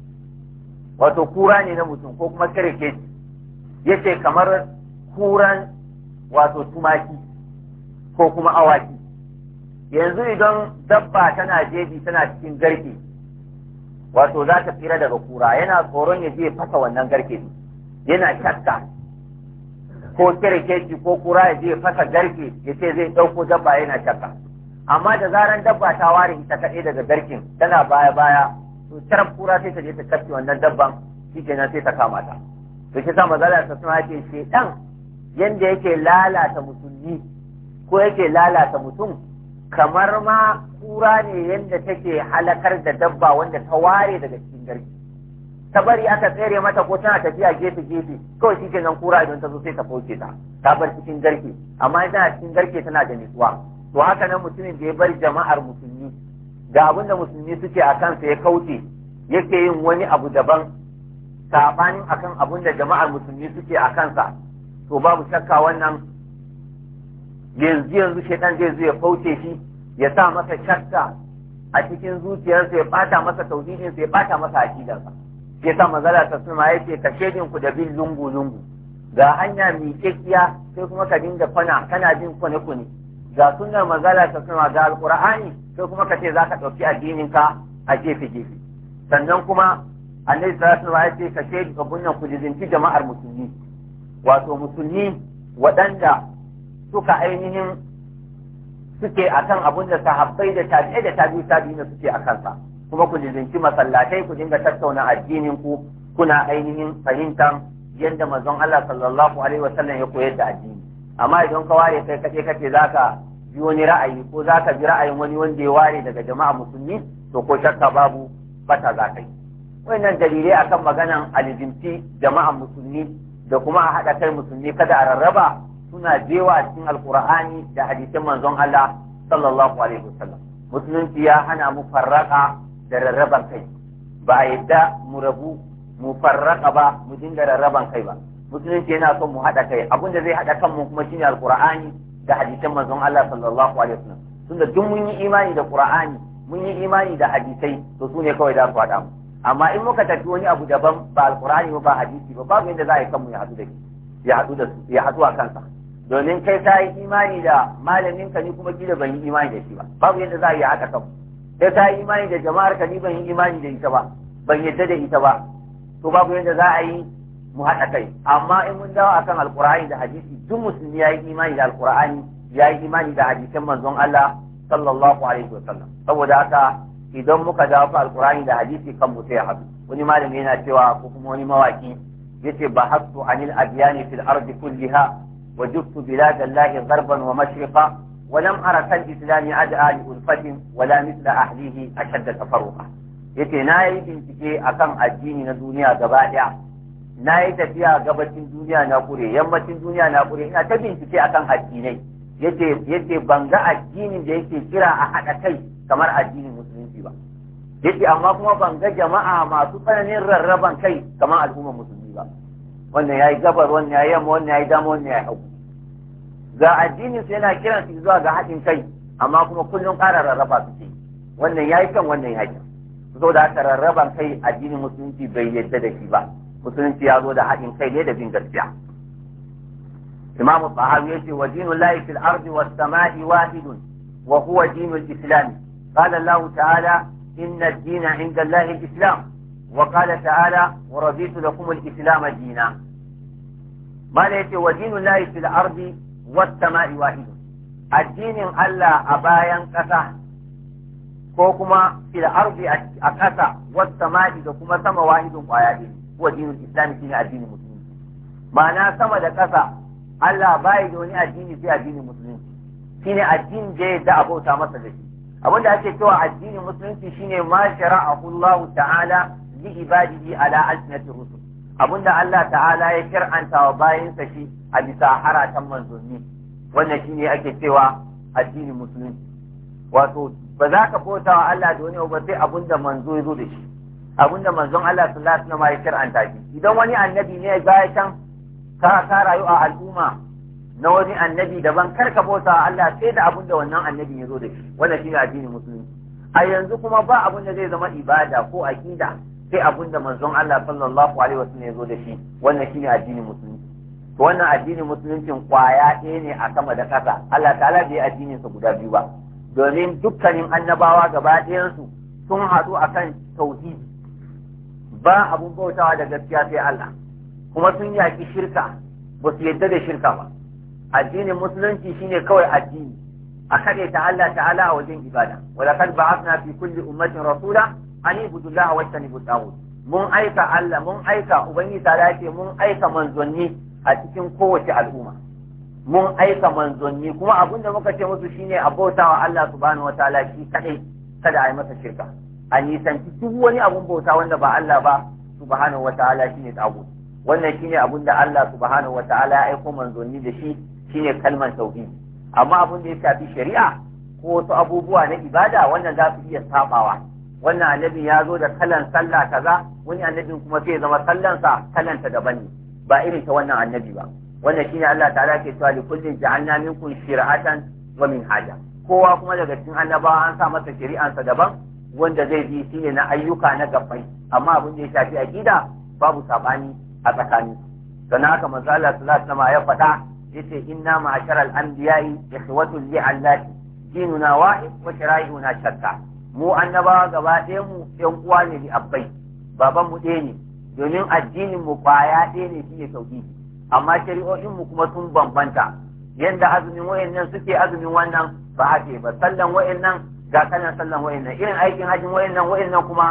wato kura ne na mutum ko kuma ne yace kamar kuran wato tumaki ko kuma awaki yanzu idan dabba tana jeji tana cikin garke wato za ta tsira daga kura yana tsoron ya je fasa wannan garke yana shakka ko kareke ko kura ya je fasa garke ya ce zai ɗauko dabba yana shakka amma da zaran dabba ta ware ita kaɗai daga garkin tana baya baya to tarar kura sai ta je ta kafce wannan dabban shi kenan sai ta kama ta to shi sa mazala ta suna ce shedan yanda yake lalata musulmi ko yake lalata mutum kamar ma kura ne yadda take halakar da dabba wanda ta ware daga cikin garki ta bari aka tsere mata ko tana tafiya gefe gefe kawai shi kenan kura idan ta zo sai ta fauke ta ta bar cikin garki. amma tana cikin garki tana da nutsuwa to haka nan mutumin da ya bar jama'ar musulmi da abinda musulmi suke a kansa ya kauce yake yin wani abu daban sabanin akan abinda jama'ar musulmi suke a kansa to babu shakka wannan yanzu yanzu shaitan zai zo ya kauce shi ya sa masa shakka a cikin zuciyarsa ya bata masa tauhidinsa ya bata masa aqidarsa ya sa magana ta suna ya ce ka shedin ku da bin lungu lungu ga hanya kekiya sai kuma ka dinga fana kana bin kwane kwane ga sunnar magana ta suna ga alqur'ani sai kuma ka ce zaka dauki addinin ka a gefe gefe sannan kuma annabi sallallahu alaihi wasallam ya ce ka ce ku jizinci jama'ar musulmi wato musulmi waɗanda suka ainihin suke akan abin da sahabbai da tabi'ai da tabi'i tabi'ina suke akan sa kuma ku jizinci masallatai ku dinga tattauna addinin ku kuna ainihin fahimtar yadda manzon Allah sallallahu alaihi wasallam ya koyar da addini amma idan ka ware kai kace kace zaka bi wani ra'ayi ko za ka bi ra'ayin wani wanda ya ware daga jama'a musulmi to ko shakka babu bata za kai. wannan dalilai akan maganan alijinti jama'a musulmi da kuma a haɗa kai musulmi kada a rarraba suna jewa cikin alkur'ani da hadisin manzon Allah sallallahu alaihi wasallam musulunci ya hana mu farraka da rarraban kai ba a yadda mu rabu mu farraka ba mu dinga rarraban kai ba musulunci yana son mu haɗa kai abun da zai haɗa kanmu kuma shine alkur'ani da hadisan manzon Allah sallallahu alaihi wasallam tunda duk mun yi imani da Qur'ani mun yi imani da hadisai to su ne kawai za su haɗa mu amma in muka tafi wani abu daban ba alqur'ani ba hadisi ba babu yadda za a yi kanmu ya haɗu da ya haɗu da su ya haɗu a kansa domin kai ka yi imani da malamin ka ni kuma kila ban yi imani da shi ba babu yadda za a yi haɗa kanmu kai ka yi imani da jama'ar ka ni ban yi imani da ita ba ban yadda da ita ba to babu yadda za a yi mu haɗa kai amma in mun dawo akan alqur'ani da hadisi duk musulmi yayi imani da alqur'ani yayi imani da hadisan manzon Allah sallallahu alaihi sallam saboda haka idan muka dawo kan alqur'ani da hadisi kan mu sai haɗu wani malami yana cewa ko kuma wani mawaki yace bahattu anil adyani fil ardi kulliha وجدت بلاد الله غربا ومشرقا ولم أرى كالإسلام أدعى لألفة ولا مثل أهليه أشد تفرقا yace na yi bincike akan addini na duniya gaba ɗaya na yi tafiya gabacin duniya na kure yammacin duniya na kure ina ta bincike akan addinai yace yace ban ga addinin da yake kira a haɗa kai kamar addinin musulunci ba yace amma kuma ban ga jama'a masu tsananin rarraban kai kamar al'ummar musulmi ba wannan yayi gabar wannan yayi yamma wannan yayi dama wannan yayi hagu ga addinin sai yana kiran su zuwa ga haɗin kai amma kuma kullum ƙara rarraba su ce wannan yayi kan wannan yayi saboda haka rarraban kai addinin musulunci bai yadda da shi ba musulunci ya zo da haɗin kai ne da bin gaskiya imam sahabi yace wa dinul lahi fil ardi was samai wahidun wa huwa dinul islam qala allah ta'ala inna ad-dina 'inda allahi al-islam wa qala ta'ala wa raditu lakum al-islam dina mala yace wa dinul lahi fil ardi was samai wahidun addinin allah a bayan ƙasa ko kuma fil ardi a ƙasa was samai da kuma sama wahidun qaya Kuwa dinul islami shine addinin musulunci ma'ana sama da ƙasa Allah bai da wani addini sai addinin musulunci shine addinin da ya da abota masa da shi abin da ake cewa addinin musulunci shine ma shara'ahu Allah ta'ala li ibadihi ala alsinati rusul abin da Allah ta'ala ya shar'anta wa sa shi a bisa haratan manzanni wannan shine ake cewa addinin musulunci wato ba za ka bauta wa Allah da wani ba sai abin da manzo ya zo da shi abinda manzon Allah sallallahu alaihi wasallam ya shar'anta shi idan wani annabi ne ya can ka ka rayu a al'umma na wani annabi daban kar ka bauta Allah sai da abinda wannan annabi ya zo da shi wannan shine addinin musulunci a yanzu kuma ba abin da zai zama ibada ko aqida sai abin da manzon Allah sallallahu alaihi wasallam ya zo da shi wannan shine addinin musulunci to wannan addinin musuluncin kwaya ɗaya ne a sama da ƙasa Allah ta'ala bai addinin sa guda biyu ba domin dukkanin annabawa gaba su sun haɗu akan tauhidi ba abun bautawa da gaskiya sai Allah kuma sun yaki shirka ba su yadda da shirka ba addinin musulunci shine kawai addini a kare ta Allah ta'ala a wajen ibada wala kad ba'athna fi kulli ummatin rasula an ibudu Allah wa tanibu mun aika Allah mun aika ta ce mun aika manzonni a cikin kowace al'umma mun aika manzanni kuma abin da muka ce musu shine a bautawa Allah subhanahu wataala shi kadai kada a yi masa shirka a nisanci duk wani abun bauta wanda ba Allah ba subhanahu wataala shine tsago wannan shine abun da Allah subhanahu wataala ya aiko manzonni da shi shine kalmar tauhidi amma abun da ya shafi shari'a ko wasu abubuwa na ibada wannan za su iya sabawa wannan annabi ya zo da kalan sallah kaza wani annabin kuma sai zama sallansa kalanta daban ne ba irin ta wannan annabi ba wannan shine Allah ta'ala ke cewa li kullin ja'alna minkum shir'atan wa minhaja kowa kuma daga cikin annabawa an sa masa shari'ansa daban wanda zai bi shi ne na ayyuka na gabbai amma abin da ya shafi aqida babu sabani a tsakani sannan haka manzo sallallahu alaihi wasallam ya faɗa yace inna ma'ashar al-anbiya'i ikhwatu li allati dinuna wahid wa shara'i'una shakka mu annabawa gaba ɗaya mu ɗan uwa ne li abbai baban mu ɗaya ne domin addinin mu kwaya ɗaya ne shine sauki amma shari'o'in mu kuma sun bambanta yanda azumin wayannan suke azumin wannan ba ce ba sallan wayannan ga kana sallan wayannan irin aikin hajjin wayannan wayannan kuma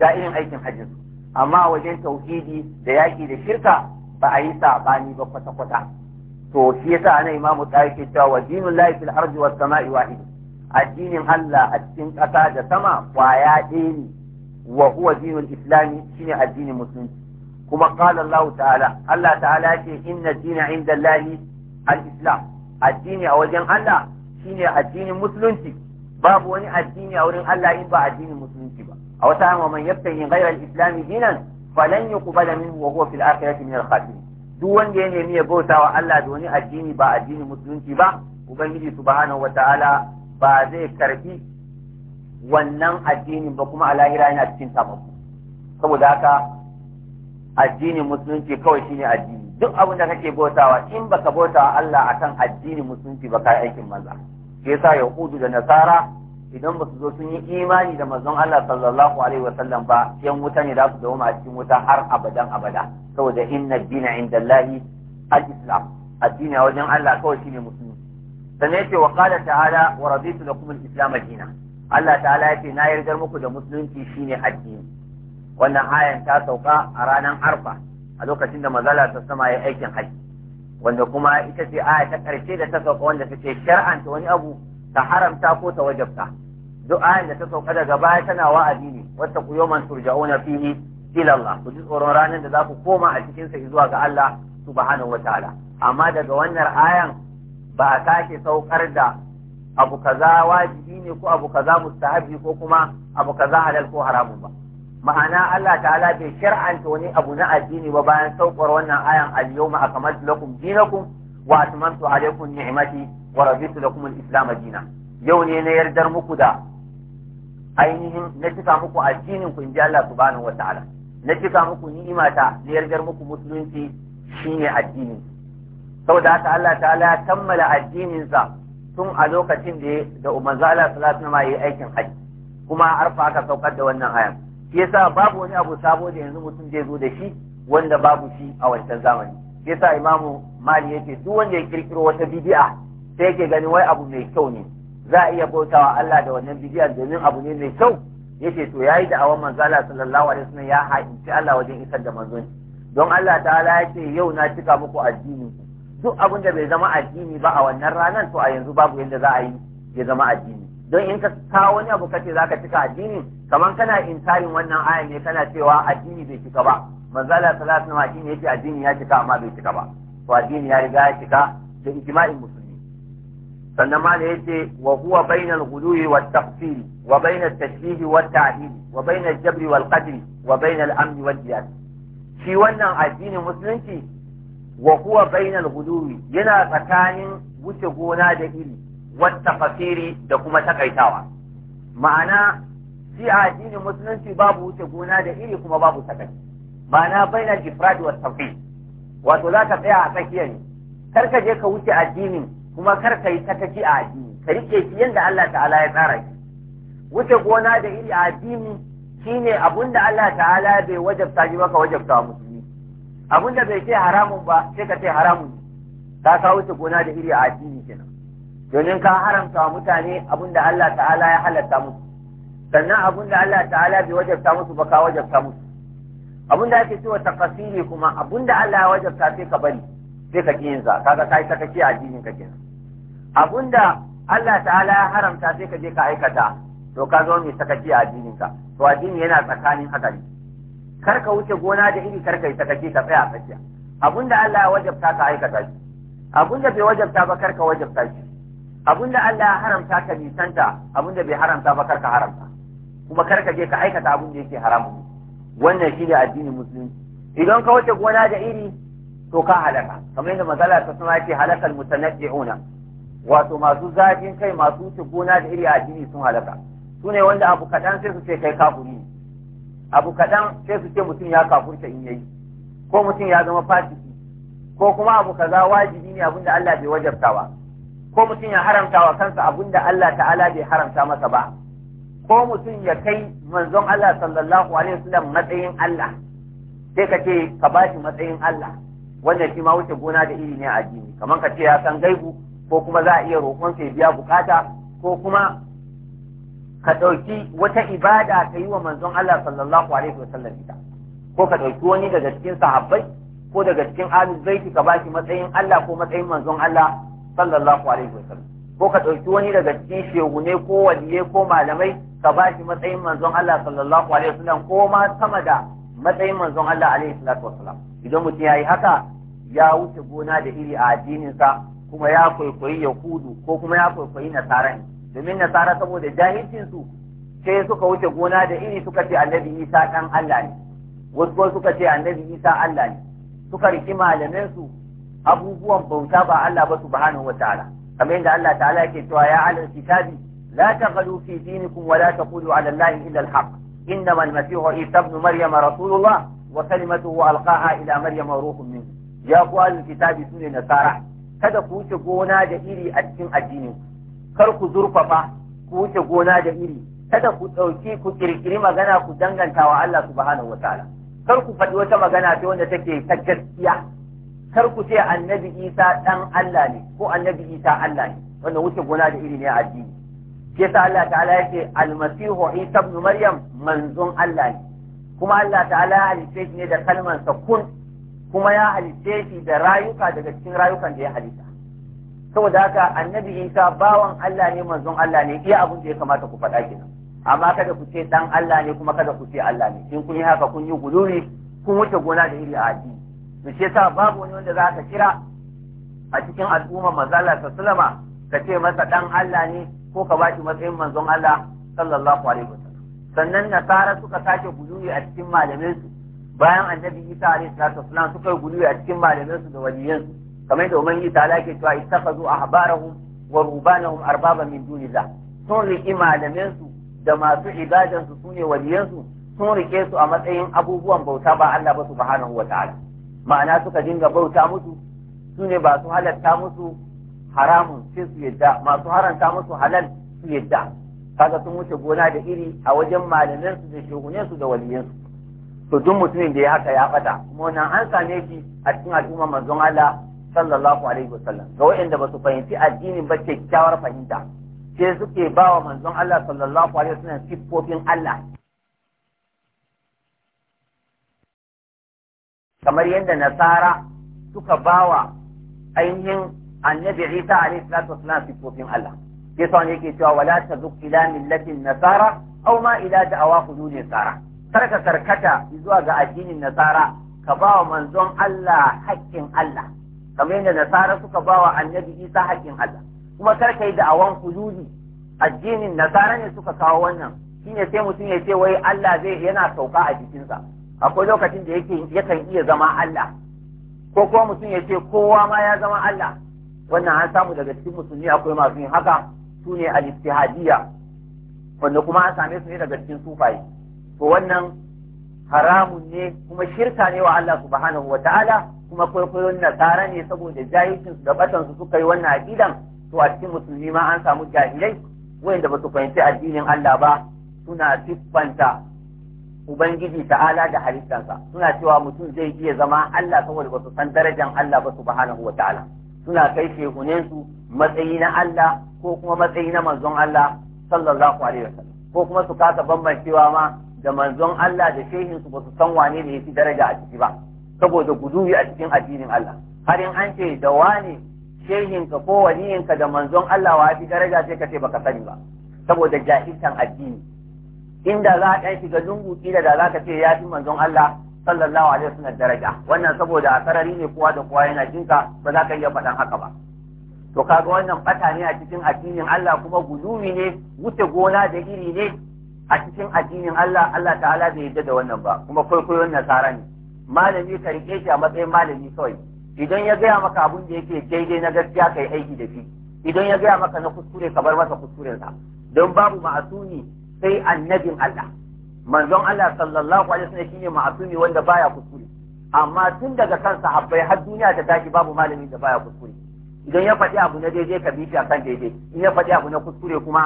ga irin aikin hajjin amma wajen tauhidi da yaki da shirka ba a yi sabani ba kwata kwata to shi yasa ana imamu tsari ke cewa wa dinul lahi fil ardi was sama'i wahid addinin Allah a cikin ƙasa da sama kwaya ɗaya ne wa huwa dinul islami shine addinin musulunci kuma qala Allah ta'ala Allah ta'ala ce inna dina inda Allah al-islam addini a wajen Allah shine addinin musulunci babu wani addini a wurin Allah in ba addinin musulunci ba a wata amma man yin ghayra al islami dinan falan yuqbala minhu wa huwa fil akhirati min al-khasirin duk wanda ya nemi ya bauta Allah da wani addini ba addinin musulunci ba ubangiji subhanahu wataala ba zai karbi wannan addinin ba kuma a yana cikin ba saboda haka addinin musulunci kawai shine addini duk abin da kake bautawa in baka bautawa Allah akan addinin musulunci ba kai aikin manzo shi yasa yahudu da nasara idan ba su zo sun yi imani da manzon Allah sallallahu alaihi wa sallam ba yan wuta ne za su dawo a cikin wuta har abadan abada saboda inna dina indallahi al-islam addini a wajen Allah kawai shine musulmi sannan yace wa qala ta'ala wa raditu lakum al-islam dina Allah ta'ala yace na yarda muku da musulunci shine addini wannan ayan ta sauka a ranar arfa a lokacin da mazala ta sama ya aikin hajji wanda kuma ita ce aya ta ƙarshe da ta sauka wanda take shar'anta wani abu ta haramta ko ta wajabta duk ayan da ta sauka daga baya tana wa'azi ne wata ku yawman turja'una fihi ila Allah ku ji tsoron ranar da za ku koma a cikin sa zuwa ga Allah subhanahu wataala amma daga wannan ayan ba a sake saukar da abu kaza wajibi ne ko abu kaza mustahabi ko kuma abu kaza halal ko haramun ba ma'ana Allah ta'ala bai shar'anta wani abu na addini ba bayan saukar wannan ayan al-yawma akmaltu lakum dinakum wa atmamtu alaykum ni'mati wa raditu lakum al-islam dinan yau ne na yardar muku da ainihin na cika muku addinin ku inji Allah subhanahu wa ta'ala na cika muku ni'imata na yardar muku musulunci shine addini saboda haka Allah ta'ala ya kammala addininsa tun a lokacin da da manzo Allah sallallahu alaihi wasallam yayi aikin haji kuma arfa aka saukar da wannan ayan yasa babu wani abu sabo da yanzu mutum zai zo da shi wanda babu shi a wancan zamani yasa imamu mali yake duk wanda ya kirkiro wata bidi'a sai yake ganin wai abu mai kyau ne za a iya bautawa Allah da wannan bidi'a domin abu ne mai kyau yake to yayi da awan manzo Allah sallallahu alaihi wasallam ya haɗi Allah wajen isar da manzon don Allah ta'ala ya yau na cika muku addini duk abin da bai zama addini ba a wannan ranar to a yanzu babu yadda za a yi ya zama addini don in ka kawo wani abu kace zaka cika addini kaman kana insarin wannan ayan ne kana cewa addini bai cika ba manzala salatu na addini yace addini ya cika amma bai cika ba to addini ya riga ya cika da ijma'in musulmi sannan ma yace wa huwa bainal ghuluwi wat taqsiri wa bainat tashbihi wat ta'dil wa bainal jabri wal qadr wa bainal amni wal jihad shi wannan addinin musulunci wa huwa bainal ghuluwi yana tsakanin wuce gona da iri والتفسير da kuma takaitawa ma'ana shi a addinin musulunci babu wuce gona da iri kuma babu sakai ma'ana baina ifrad wa tawhid wato zaka tsaya a tsakiya ne kar ka je ka wuce addinin kuma kar ka yi sakaci a addini ka rike shi yanda Allah ta'ala ya tsara shi wuce gona da iri a addini shine abunda Allah ta'ala bai wajabta shi maka wajabta musulmi abunda bai ce haramun ba sai ka ce haramun ka ka wuce gona da iri a addini kenan domin ka haramta wa mutane abin da Allah ta'ala ya halatta musu sannan abin da Allah ta'ala bai wajabta musu ba ka wajabta musu abin da ake cewa takasiri kuma abin da Allah ya wajabta sai ka bari sai ka kiyin sa kaga kai ta kace addinin ka kenan abin da Allah ta'ala ya haramta sai ka je ka aikata to ka zo mai sakaci a addinin ka to addini yana tsakanin haka ne kar ka wuce gona da iri kar ka yi sakaci ka tsaya a tsakiya abin da Allah ya wajabta ka aikata shi abin da bai wajabta ba kar ka wajabta shi da Allah ya haramta ka nisanta da bai haramta ba karka haramta kuma karka je ka aikata abin da yake haramun wannan shine addinin musulunci idan ka wuce gona da iri to ka halaka kamar yadda magana ta suna ce halakal mutanaddi'una wato masu zafin kai masu wuce gona da iri a addini sun halaka su ne wanda abu kaɗan sai su ce kai kafuri ne abu kaɗan sai su ce mutum ya kafurta in yayi ko mutum ya zama fasiki ko kuma abu kaza wajibi ne da Allah bai wajabta ba ko mutum ya haramta wa kansa abin da Allah ta'ala bai haramta masa ba ko mutum ya kai manzon Allah sallallahu alaihi wasallam matsayin Allah sai ka ce ka ba shi matsayin Allah wannan shi ma wuce gona da iri ne a addini kamar ka ce ya san gaibu ko kuma za a iya roƙon sai biya bukata ko kuma ka ɗauki wata ibada ka yi wa manzon Allah sallallahu alaihi wasallam ita ko ka ɗauki wani daga cikin sahabbai ko daga cikin ahlul baiti ka bashi matsayin Allah ko matsayin manzon Allah sallallahu alaihi wa sallam ko ka ɗauki wani daga cikin shegune ko waliye ko malamai ka ba shi matsayin manzon Allah sallallahu alaihi wa sallam ko ma sama da matsayin manzon Allah alaihi salatu sallam idan mutum ya yi haka ya wuce gona da iri a addinin sa kuma ya kwaikwayi yahudu ko kuma ya kwaikwayi nasara ne domin nasara saboda su sai suka wuce gona da iri suka ce annabi isa ɗan Allah ne wasu suka ce annabi isa Allah ne suka riki su. abubuwan bauta ba Allah ba subhanahu wa ta'ala kamar yadda Allah ta'ala yake cewa ya alal kitabi la taqulu fi dinikum wa la taqulu ala Allah illa al-haq innama al-masih isa ibn maryam rasulullah wa kalimatuhu alqaha ila maryam ruhun ya ku alal kitabi sune nasara kada ku wuce gona da iri a cikin addini kar ku zurfafa ku wuce gona da iri kada ku ɗauki ku kirkiri magana ku danganta wa Allah subhanahu wa ta'ala kar ku faɗi wata magana ta wanda take ta gaskiya kar ku ce annabi isa dan Allah ne ko annabi isa Allah ne wannan wuce gona da iri ne a addini shi yasa Allah ta'ala ya ce almasihu isa ibn maryam manzon Allah ne kuma Allah ta'ala ya halice shi ne da kalmansa sa kun kuma ya halice shi da rayuka daga cikin rayukan da ya halitta saboda haka annabi isa bawan Allah ne manzon Allah ne iya abin da ya kamata ku faɗa kenan amma kada ku ce dan Allah ne kuma kada ku ce Allah ne in kun yi haka kun yi ne kun wuce gona da iri a addini to shi yasa babu wani wanda za ka kira a cikin al'umma manzala ta sulama ka ce masa dan Allah ne ko ka bashi matsayin manzon Allah sallallahu alaihi wasallam sannan nasara suka sake guduwi a cikin malamin su bayan annabi Isa alaihi salatu wasallam suka guduwi a cikin malamin su da waliyan su kamar yadda isa ta ke cewa ittakhadhu ahbarahum wa rubanahum arbaba min dunillah sun riƙi malamin su da masu ibadansu su ne waliyansu sun rike su a matsayin abubuwan bauta ba Allah ba subhanahu wa ta'ala ma'ana suka dinga bauta musu su ne ba su halatta musu haramun sai su yadda masu haranta musu halal su yadda kaga sun wuce gona da iri a wajen malamin su da shugunan su da waliyan su to duk mutumin da ya haka ya fada kuma wannan an same shi a cikin al'umma manzon Allah sallallahu alaihi wasallam ga wayanda ba su fahimci addinin ba kyakkyawar fahimta sai suke bawa wa manzon Allah sallallahu alaihi wasallam sifofin Allah kamar yadda nasara suka bawa ainihin annabi Isa alaihi salatu wasalam sifofin Allah sai sa yake cewa wala tazuk ila millatin nasara aw ma ila awa hududin sara kar ka karkata zuwa ga addinin nasara ka bawa manzon Allah haƙƙin Allah kamar yadda nasara suka bawa annabi Isa haƙƙin Allah kuma kar ka yi da'awan hududi addinin nasara ne suka kawo wannan shine sai mutum ya ce wai Allah zai yana sauka a jikinsa akwai lokacin da yake yakan iya zama Allah ko kuma mutum ya ce kowa ma ya zama Allah wannan an samu daga cikin musulmi akwai masu yin haka su ne al-istihadiyya wanda kuma an same su ne daga cikin sufaye to wannan haramun ne kuma shirka ne wa Allah subhanahu wata'ala kuma kwaikwayon nasara ne saboda jahilcin su da batan su suka yi wannan aqidan to a cikin musulmi ma an samu jahilai wanda ba su fahimci addinin Allah ba suna siffanta ubangiji ta'ala da halittansa suna cewa mutum zai iya zama Allah saboda ba su san darajar Allah ba subhanahu wa ta'ala suna kai shehunen su matsayi na Allah ko kuma matsayi na manzon Allah sallallahu alaihi wasallam ko kuma su kasa bambancewa ma da manzon Allah da shehin su ba su san wane ne fi daraja a ciki ba saboda guduwi a cikin addinin Allah har in an ce da wane shehin ko waliyin da manzon Allah wa fi daraja sai ka ce baka sani ba saboda jahiltan addini inda za ka shiga dungu kila da za ka ce ya fi manzon Allah sallallahu alaihi wasallam daraja wannan saboda a sarari ne kowa da kowa yana jinka ba za ka iya faɗan haka ba to kaga wannan bata ne a cikin addinin Allah kuma gudumi ne wuce gona da iri ne a cikin addinin Allah Allah ta'ala bai yadda da wannan ba kuma kwaikwayon nasara ne malami ka rike shi a matsayin malami kawai idan ya gaya maka abun da yake daidai na gaskiya kai aiki da shi idan ya gaya maka na kuskure ka bar masa kuskurensa don babu ma'asuni sai annabin Allah manzon Allah sallallahu alaihi wasallam shine ma'asumi wanda baya kuskure amma tun daga kan sahabbai har duniya ta tashi babu malami da baya kuskure idan ya faɗi abu na daidai ka bi akan daidai in ya faɗi abu na kuskure kuma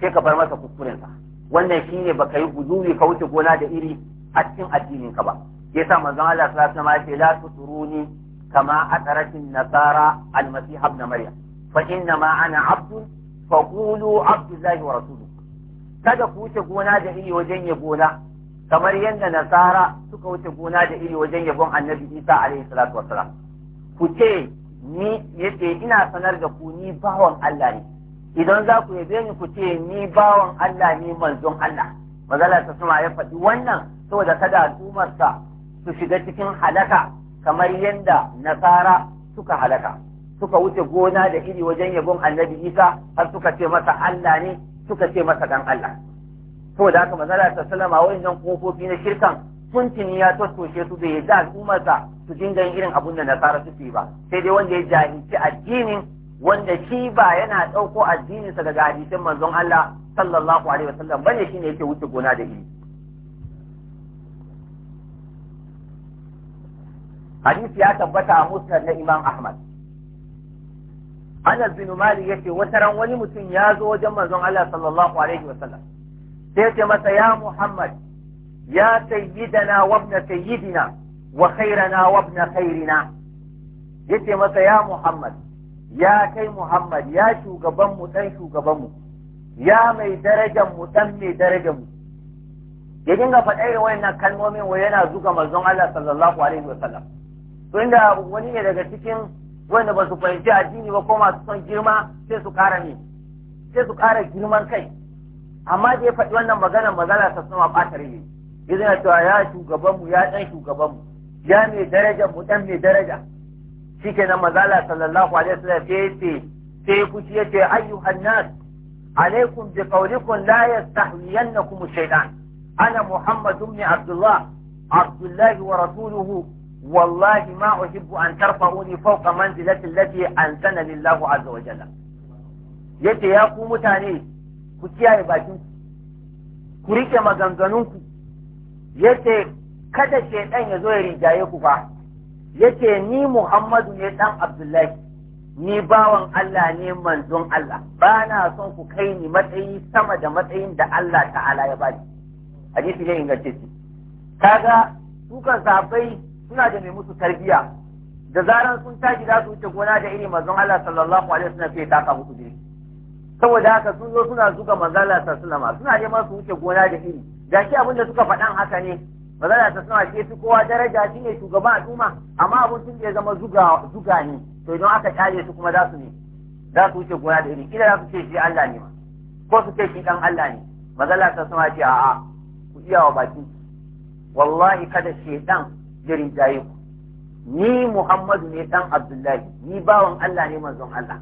sai ka bar masa kuskurensa wannan shine baka yi guzuri ka wuce gona da iri a cikin addinin ka ba yasa manzon Allah sallallahu alaihi wasallam ya ce la tusuruni كما أثرت النصارى المسيح ابن مريم فإنما أنا عبد فقولوا Abdullahi wa Rasuluhu. kada ku wuce gona da iri wajen gona kamar yadda nasara suka wuce gona da iri wajen yabon annabi isa alaihi salatu wassalam ku ce ni yace ina sanar da ku ni bawan Allah ne idan za ku yabe ni ku ce ni bawan Allah ne manzon Allah mazala ta suma ya faɗi wannan saboda kada al'ummarsa su shiga cikin halaka kamar yadda nasara suka halaka suka wuce gona da iri wajen yabon annabi isa har suka ce masa Allah ne suka ce masa dan Allah saboda haka sallallahu alaihi wasallam wa'annan kofofi na shirkan tuntuni ya tattoshe su bai yadda al'ummarsa su dinga yin irin abun da nasara suke ba sai dai wanda ya jahilci addinin wanda shi ba yana ɗauko addininsa daga hadisin manzon Allah sallallahu alaihi wasallam bane shine yake wuce gona da iri hadisi ya tabbata a musnad na Imam Ahmad Anas bin Malik yake wata ran wani mutum ya zo wajen manzon Allah sallallahu alaihi wa sallam sai yace masa ya Muhammad ya sayyidana wa ibn sayyidina wa khairana wa ibn khairina yace masa ya Muhammad ya kai Muhammad ya shugaban mu dan shugaban mu ya mai darajar mu dan mai darajar mu ya dinga faɗa irin wayannan kalmomin wa yana zuga manzon Allah sallallahu alaihi sallam to inda wani ne daga cikin wanda ba su fahimci addini ba ko masu son girma sai su ƙara ne sai su ƙara girman kai amma da ya faɗi wannan maganar magana ta sama ɓata rage yana cewa ya shugabanmu ya ɗan shugabanmu ya mai daraja mu dan mai daraja shikenan mazala sallallahu alaihi wasallam sai ce sai kuci yace ayyuhan nas alaikum bi qawlikum la yastahwiyannakum shaytan ana muhammad ibn abdullah abdullahi wa rasuluhu wallahi ma uhibbu an tarfa'uni fawqa manzilati allati ansana lillahu azza wa jalla yace ya ku mutane ku kiyaye bakin ku rike maganganun ku yace kada shedan ya zo ya rijaye ku ba. yace ni Muhammadu ne ɗan Abdullahi ni bawan Allah ne manzon Allah Bana na son ku kai ni matsayi sama da matsayin da Allah ta'ala ya bani hadisi ne ingantacce kaga dukan sahabbai suna da mai musu tarbiya da zaran sun tashi za su wuce gona da iri manzon Allah sallallahu alaihi wasallam sai taka musu jiri saboda haka sun zo suna zuga manzon Allah sallallahu alaihi suna neman su wuce gona da iri da shi abinda suka faɗan haka ne manzon Allah sallallahu alaihi wasallam kowa daraja shi ne shugaban al'umma amma abun sun ya zama zuga zuga ne to idan aka kyale su kuma za su ne za su wuce gona da iri kila za su ce shi Allah ne ma ko su ce shi dan Allah ne manzon Allah sallallahu alaihi wasallam ya ce a'a ku iya wa baki wallahi kada shedan ya rinjaye ku ni Muhammadu ne dan Abdullahi ni bawan Allah ne manzon Allah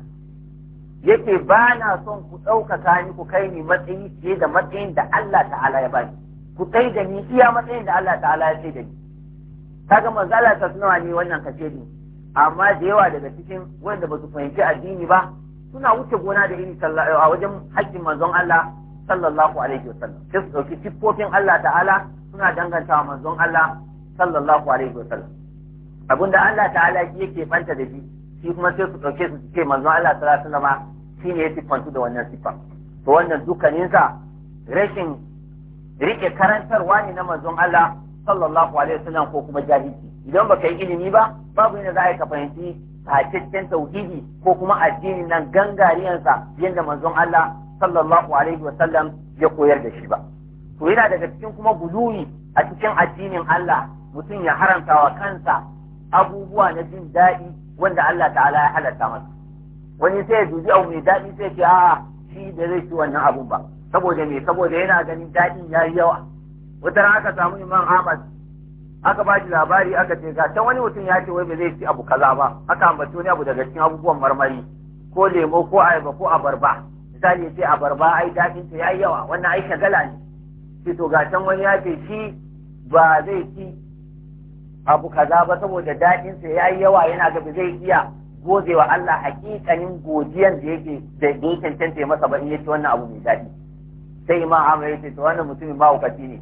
yake ba na son ku ɗaukaka ni ku kai ni matsayi fiye da matsayin da Allah ta'ala ya bani ku kai da ni iya matsayin da Allah ta'ala ya ce da ni kaga gama zala ta suna ne wannan kace ni amma da yawa daga cikin wanda ba su fahimci addini ba suna wuce gona da iri a wajen haƙƙin manzon Allah sallallahu alaihi wasallam sai su ɗauki siffofin Allah ta'ala suna dangantawa manzon Allah sallallahu alaihi wasallam abinda Allah ta'ala yake fanta da shi shi kuma sai su dauke su ce manzon Allah sallallahu alaihi wasallam shine ya fanta da wannan sifa to wannan dukkanin sa rashin rike karantarwa ne na manzon Allah sallallahu alaihi wasallam ko kuma jahili idan baka yi ilimi ba babu inda za ka fahimci cikakken tauhidi ko kuma addinin nan gangariyansa yadda manzon Allah sallallahu alaihi wasallam ya koyar da shi ba to yana daga cikin kuma buluri a cikin addinin Allah mutum ya haramta wa kansa abubuwa na jin daɗi wanda Allah ta'ala ya halatta masa wani sai ya dubi abu mai daɗi sai ce a'a shi da zai ci wannan abu ba saboda me saboda yana ganin daɗi ya yi yawa wata ran aka samu imam Ahmad aka ba shi labari aka ce ga ta wani mutum ya ce wai ba zai ci abu kaza ba aka ambaci wani abu daga cikin abubuwan marmari ko lemo ko ayaba ko abarba misali ya ce abarba ai daɗin ta yawa wannan ai shagala ne sai to ga can wani ya ce shi ba zai ci abu kaza ba saboda daɗinsa ya yi yawa yana ga zai iya wa Allah hakikanin godiyan da yake da ya tantance masa ba in yace wannan abu mai daɗi sai ma Ahmad ya to wannan mutumin mahaukaci ne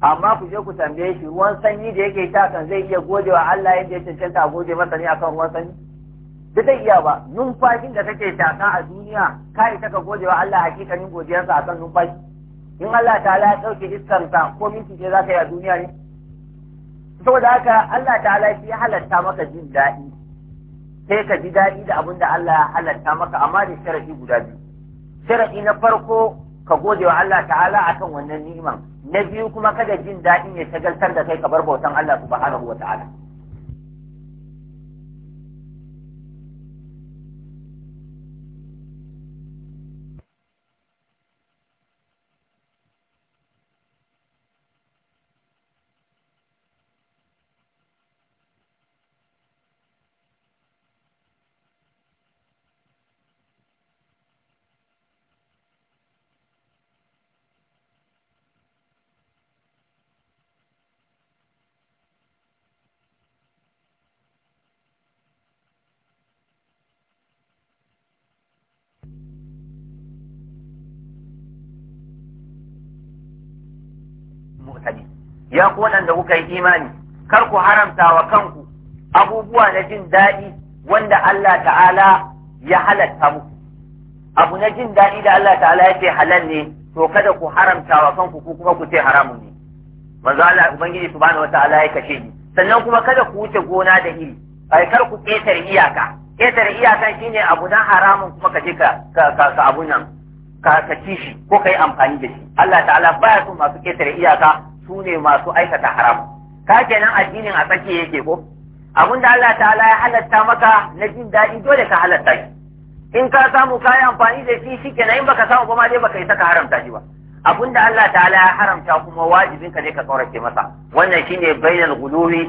amma ku je ku tambaye shi ruwan sanyi da yake ta kan zai iya godewa Allah yadda ya tantance a gode masa ne akan ruwan sanyi da zai iya ba numfashin da kake shaka a duniya ka yi ka godewa Allah hakikanin godiyarsa akan numfashi in Allah ta ya ɗauke sa ko minti ce za ka yi a duniya ne saboda haka Allah ta'ala shi ya halatta maka jin daɗi sai ka ji daɗi da abin da Allah ya halatta maka amma da sharadi guda biyu sharadi na farko ka gode wa Allah ta'ala akan wannan ni'iman na biyu kuma kada jin daɗin ya shagaltar da kai ka bar bautan Allah subhanahu wa ta'ala muhtadi ya ku waɗanda kuka yi imani kar ku haramta wa kanku abubuwa na jin daɗi wanda Allah ta'ala ya halatta muku abu na jin daɗi da Allah ta'ala ya ce halal ne to kada ku haramta wa kanku ko kuma ku ce haramun ne manzo Allah ubangiji subhanahu Allah ya kashe ni sannan kuma kada ku wuce gona da iri ai kar ku ƙetare iyaka ƙetare iyakan shine abu na haramun kuma ka je ka ka abu nan ka ka ko ka yi amfani da shi Allah ta'ala baya so masu ƙetare iyaka su ne masu aikata harama. ka kenan addinin a tsakiya yake ko abin da Allah ta'ala ya halatta maka na jin daɗi dole ka halatta shi in ka samu ka yi amfani da shi shi kenan in baka samu ba ma dai baka yi saka haramta shi ba abin da Allah ta'ala ya haramta kuma wajibin ka ne ka tsorace masa wannan shine bainal guluwi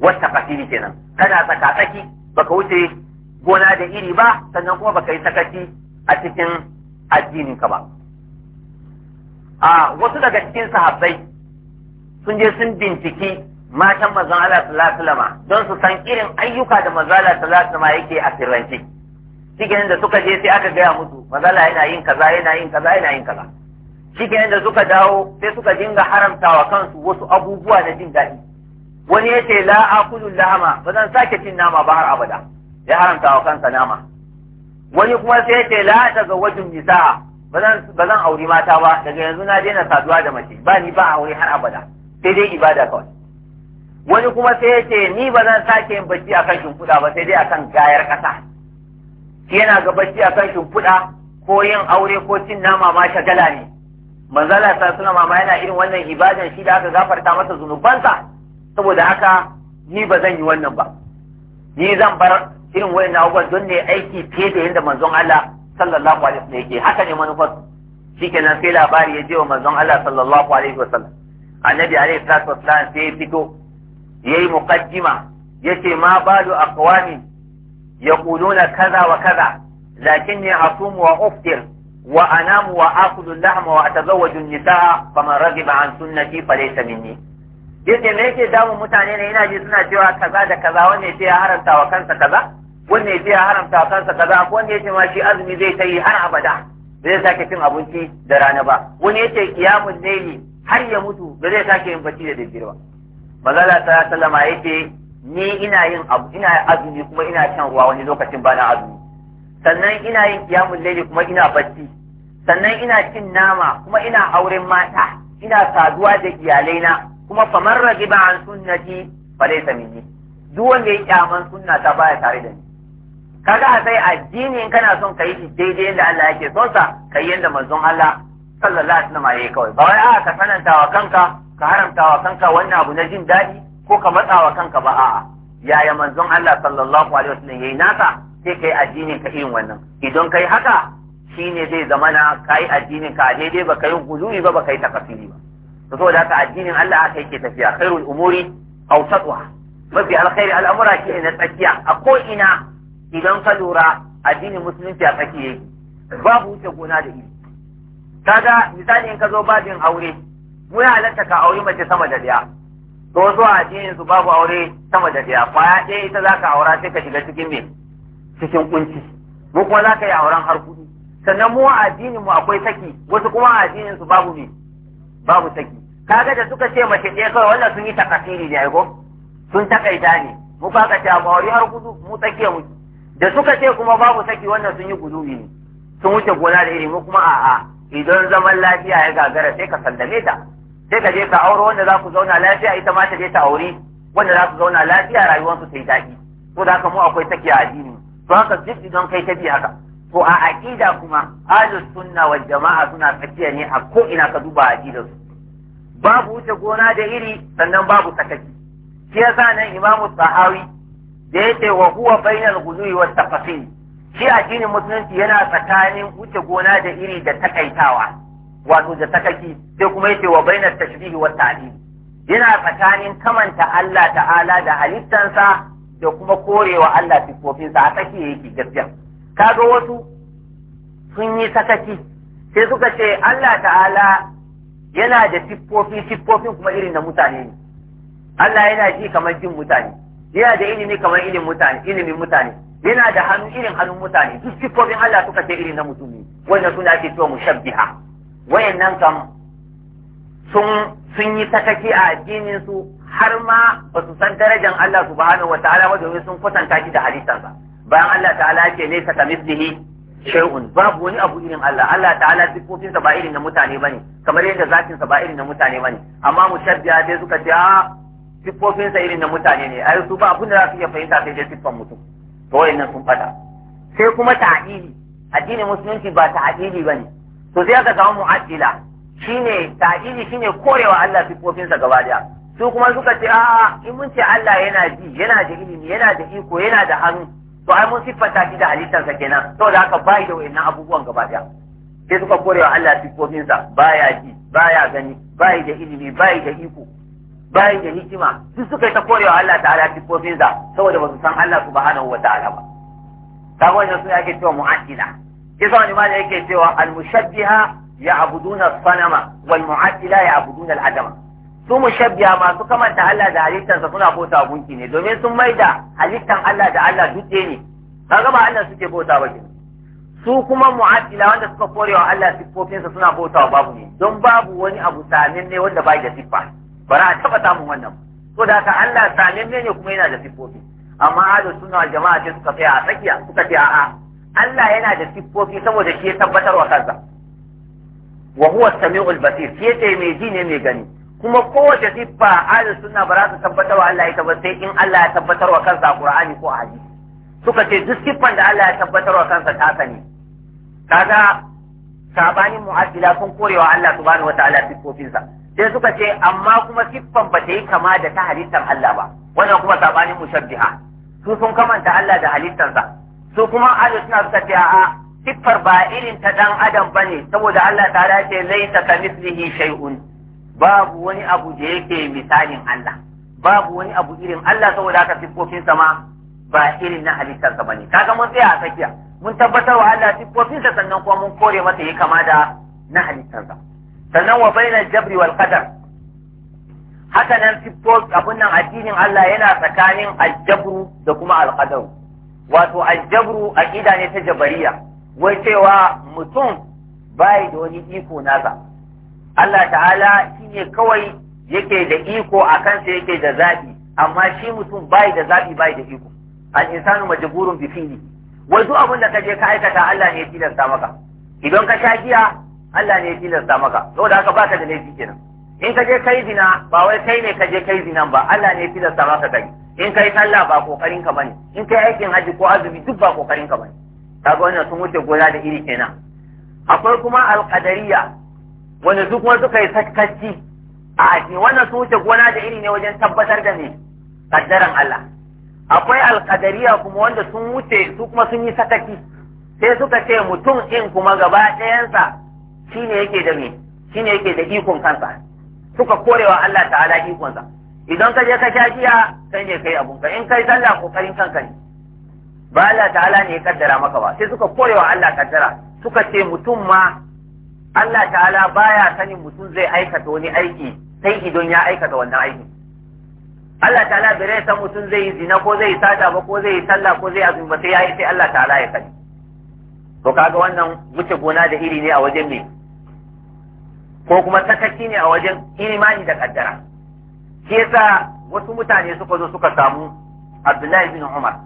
wata fasiri kenan kana tsaka tsaki baka wuce gona da iri ba sannan kuma baka yi sakaci a cikin addinin ka ba a wasu daga cikin sahabbai sun je sun binciki matan mazan Allah sallallahu don su san irin ayyuka da maza Allah sallallahu yake a sirrance cikin da suka je sai aka gaya musu mazala yana yin kaza yana yin kaza yana yin kaza cikin da suka dawo sai suka dinga haramtawa kansu wasu abubuwa na jin daɗi wani yace la Kudu lahama ba zan sake cin nama ba har abada ya haramta wa kansa nama wani kuma sai ce la daga wajen nisa ba zan auri mata ba daga yanzu na daina saduwa da mace ba ni ba aure har abada sai dai ibada kawai wani kuma sai ce ni ba zan sake yin bacci akan shimfuda ba sai dai akan gayar ƙasa yana ga bacci akan shimfuda ko yin aure ko cin nama ma shagala ne manzala ta suna mama yana irin wannan ibadan shi da aka gafarta masa zunubansa saboda haka ni ba zan yi wannan ba ni zan bar irin wayan abubuwan don ne aiki fiye da yadda manzon Allah sallallahu alaihi wasallam yake haka ne manufar shikenan sai labari ya je wa manzon Allah sallallahu alaihi wasallam annabi alaihi salatu wasallam sai ya fito yayi muqaddima yace ma balu aqwami yaquluna kaza wa kaza lakinni asum wa uftir wa anamu wa akulu lahma wa atazawwaju an-nisaa faman raghiba an sunnati falaysa minni yace me yake damun mutane ne ina ji suna cewa kaza da kaza wanne sai ya haranta wa kansa kaza wanda ya ce ya haramta kansa kaza ko wanda ya ce ma shi azumi zai ta yi har abada zai sake cin abinci da rana ba wani ya ce kiyamun laili har ya mutu ba zai sake yin bacci da daddare ba mazala ta sallama ya ce ni ina yin abu. ina azumi kuma ina shan ruwa wani lokacin bana azumi sannan ina yin kiyamun laili kuma ina bacci sannan ina cin nama kuma ina auren mata ina saduwa da iyalaina kuma famar ragiba an sunnati fa laysa minni duk wanda ya kyaman sunna ta baya tare da ni kaga sai addinin kana son kayi shi daidai yadda Allah yake so sa kai yadda manzon Allah sallallahu alaihi wasallam yayi kawai ba wai a ka sananta wa kanka ka haramta wa kanka wannan abu na jin daɗi ko ka matsa wa kanka ba a'a yaya manzon Allah sallallahu alaihi wasallam yayi nasa sai kai addinin ka irin wannan idan kai haka shine zai zama na kai addinin ka daidai ba kai guluwi ba ba kai takafiri ba to saboda haka addinin Allah haka yake tafiya khairul umuri awsatuha mafi alkhairi al'amura ke na tsakiya a ko ina idan ka lura addinin musulunci a tsaki yake babu wuce gona da iri kaga misali in ka zo babin aure muna halatta ka aure mace sama da daya to a addinin su babu aure sama da daya kwaya ɗaya ita ka aura sai ka shiga cikin me cikin kunci mu kuma za ka yi auren har kudu sannan mu a addinin mu akwai saki wasu kuma a addinin su babu me babu saki kaga da suka ce mace ɗaya kawai wannan sun yi takasiri ne ai ko sun takaita ne mu ka ka ta aure har kudu mu tsakiya muke. da suka ce kuma babu saki wannan sun yi guduwi ne sun wuce gona da ilimi kuma a'a idan zaman lafiya ya gagara sai ka sallame ta sai ka je ka auro wanda za ku zauna lafiya ita ma ta je ta aure wanda za ku zauna lafiya rayuwarsu sai daɗi ko da haka mu akwai saki a addini to haka duk idan kai ta bi haka to a aƙida kuma ahlus sunna wal jama'a suna tsakiya ne a ko ina ka duba aqidar su babu wuce gona da iri sannan babu sakaki. shi yasa nan imamu sahawi da yake wa huwa bainal ghuluwi wat tafasin shi addinin musulunci yana tsakanin wuce gona da iri da takaitawa wato da takaki sai kuma yake wa bainat tashbihi wat ta'dil yana tsakanin kamanta Allah ta'ala da halittansa da kuma korewa Allah sifofinsa a tsaki yake gaskiya kaga wasu sun yi sakaki sai suka ce Allah ta'ala yana da siffofi siffofin kuma irin na mutane ne Allah yana ji kamar jin mutane yana da ilimi kamar ilimin mutane ilimin mutane yana da hannu irin hannun mutane duk sifofin Allah suka ce irin na mutumi wanda suna ake cewa mushabbiha wayannan kam sun sun yi takaki a addinin su har ma ba su san darajar Allah subhanahu wataala ba domin sun kwatanta shi da halittarsa bayan Allah ta'ala ce ne ka mislihi shay'un babu wani abu irin Allah Allah ta'ala sifofinsa ba irin na mutane bane kamar yadda zatinsa ba irin na mutane bane amma mushabbiha dai suka ce ah, siffofinsa irin na mutane ne ai su ba abin da za su iya fahimta sai dai siffan mutum to wayannan sun fada sai kuma ta'ili addinin musulunci ba ta'ili bane to sai aka samu mu'addila shine ta'ili shine korewa Allah siffofinsa gaba daya su kuma suka ce a'a in mun ce Allah yana ji yana da ilimi yana da iko yana da hannu to ai mun siffanta shi da halittarsa kenan To da haka bai da wayannan abubuwan gaba daya sai suka korewa Allah siffofinsa baya ji baya gani bai da ilimi bai da iko Bayan da hikima duk suka yi ta korewa Allah ta'ala sifofinsa saboda ba su san Allah subhanahu wa ta'ala ba ta wannan sun ake cewa mu'addila kisa wani ma da yake cewa al-mushabbiha ya'buduna sanama wal mu'addila ya'buduna al-adama su mushabbiha masu kamanta Allah da halittarsa suna bauta gunki ne domin sun maida halittan Allah da Allah dutse ne kaga ba Allah suke bauta ba kenan su kuma mu'addila wanda suka korewa Allah sifofinsa suna bauta babu ne don babu wani abu sanin ne wanda bai da siffa Bara a taba samun wannan so da haka Allah samin ne kuma yana da siffofi amma ahlus suna wal jama'a ce suka tsaya a tsakiya suka ce a'a Allah yana da siffofi saboda shi ya tabbatar wa kansa wa huwa samiul basir shi yake mai ji ne mai gani kuma kowace siffa ahlus sunna ba za su tabbatar wa Allah ita ba sai in Allah ya tabbatar wa kansa a Qur'ani ko a hadisi suka ce duk siffan da Allah ya tabbatar wa kansa ta sani kaga sabanin mu'addila sun korewa Allah subhanahu wataala siffofinsa sai suka ce amma kuma siffan ba ta yi kama da ta halittar Allah ba wannan kuma sabanin mushabbiha su sun kamanta Allah da halittarsa su kuma ahli suna suka ce a'a siffar ba irin ta dan adam bane saboda Allah ta ce laisa kamislihi shay'un babu wani abu da yake misalin Allah babu wani abu irin Allah saboda haka siffofin sama ba irin na halittarsa bane kaga mun tsaya a tsakiya mun tabbatar wa Allah siffofinsa sannan kuma mun kore masa yi kama da na halittarsa sannan wa bainal jabri wal qadar haka nan siffos abun nan addinin Allah yana tsakanin aljabru da kuma alqadar wato aljabru aqida ne ta jabariya wai cewa mutum bai da wani iko nasa Allah ta'ala shine kawai yake da iko a kansa yake da zabi amma shi mutum bai da zabi bai da iko al insanu majburun bi fi'li wai duk abin da kaje ka aikata Allah ne ya tilasta maka idan ka sha giya Allah ne ya tilasta maka saboda haka baka da laifi kenan in ka je kai zina ba wai kai ne ka je kai zinan ba Allah ne ya tilasta maka kai in kai sallah ba kokarin ka bane in kai aikin haji ko azumi duk ba kokarin ka bane kaga wannan sun wuce gona da iri kenan akwai kuma alqadariya wanda duk wanda suka yi sakkaci a addini wannan sun wuce gona da iri ne wajen tabbatar da me kaddaran Allah akwai alqadariya kuma wanda sun wuce su kuma sun yi sakaci? sai suka ce mutum in kuma gaba ɗayansa shine yake da me shine yake da ikon kansa suka korewa Allah ta'ala ikonsa idan ka je ka sha giya kai ne kai abun ka in kai sallah kokarin kanka ne ba Allah ta'ala ne ya kaddara maka ba sai suka korewa Allah kaddara suka ce mutum ma Allah ta'ala baya sanin mutum zai aikata wani aiki sai idan ya aikata wannan aiki Allah ta'ala bai san mutum zai yi zina ko zai yi sata ba ko zai yi sallah ko zai azumi ba sai ya yi sai Allah ta'ala ya sani to kaga wannan wuce gona da iri ne a wajen me ko kuma sakaci ne a wajen imani da kaddara shi yasa wasu mutane suka zo suka samu Abdullahi bin Umar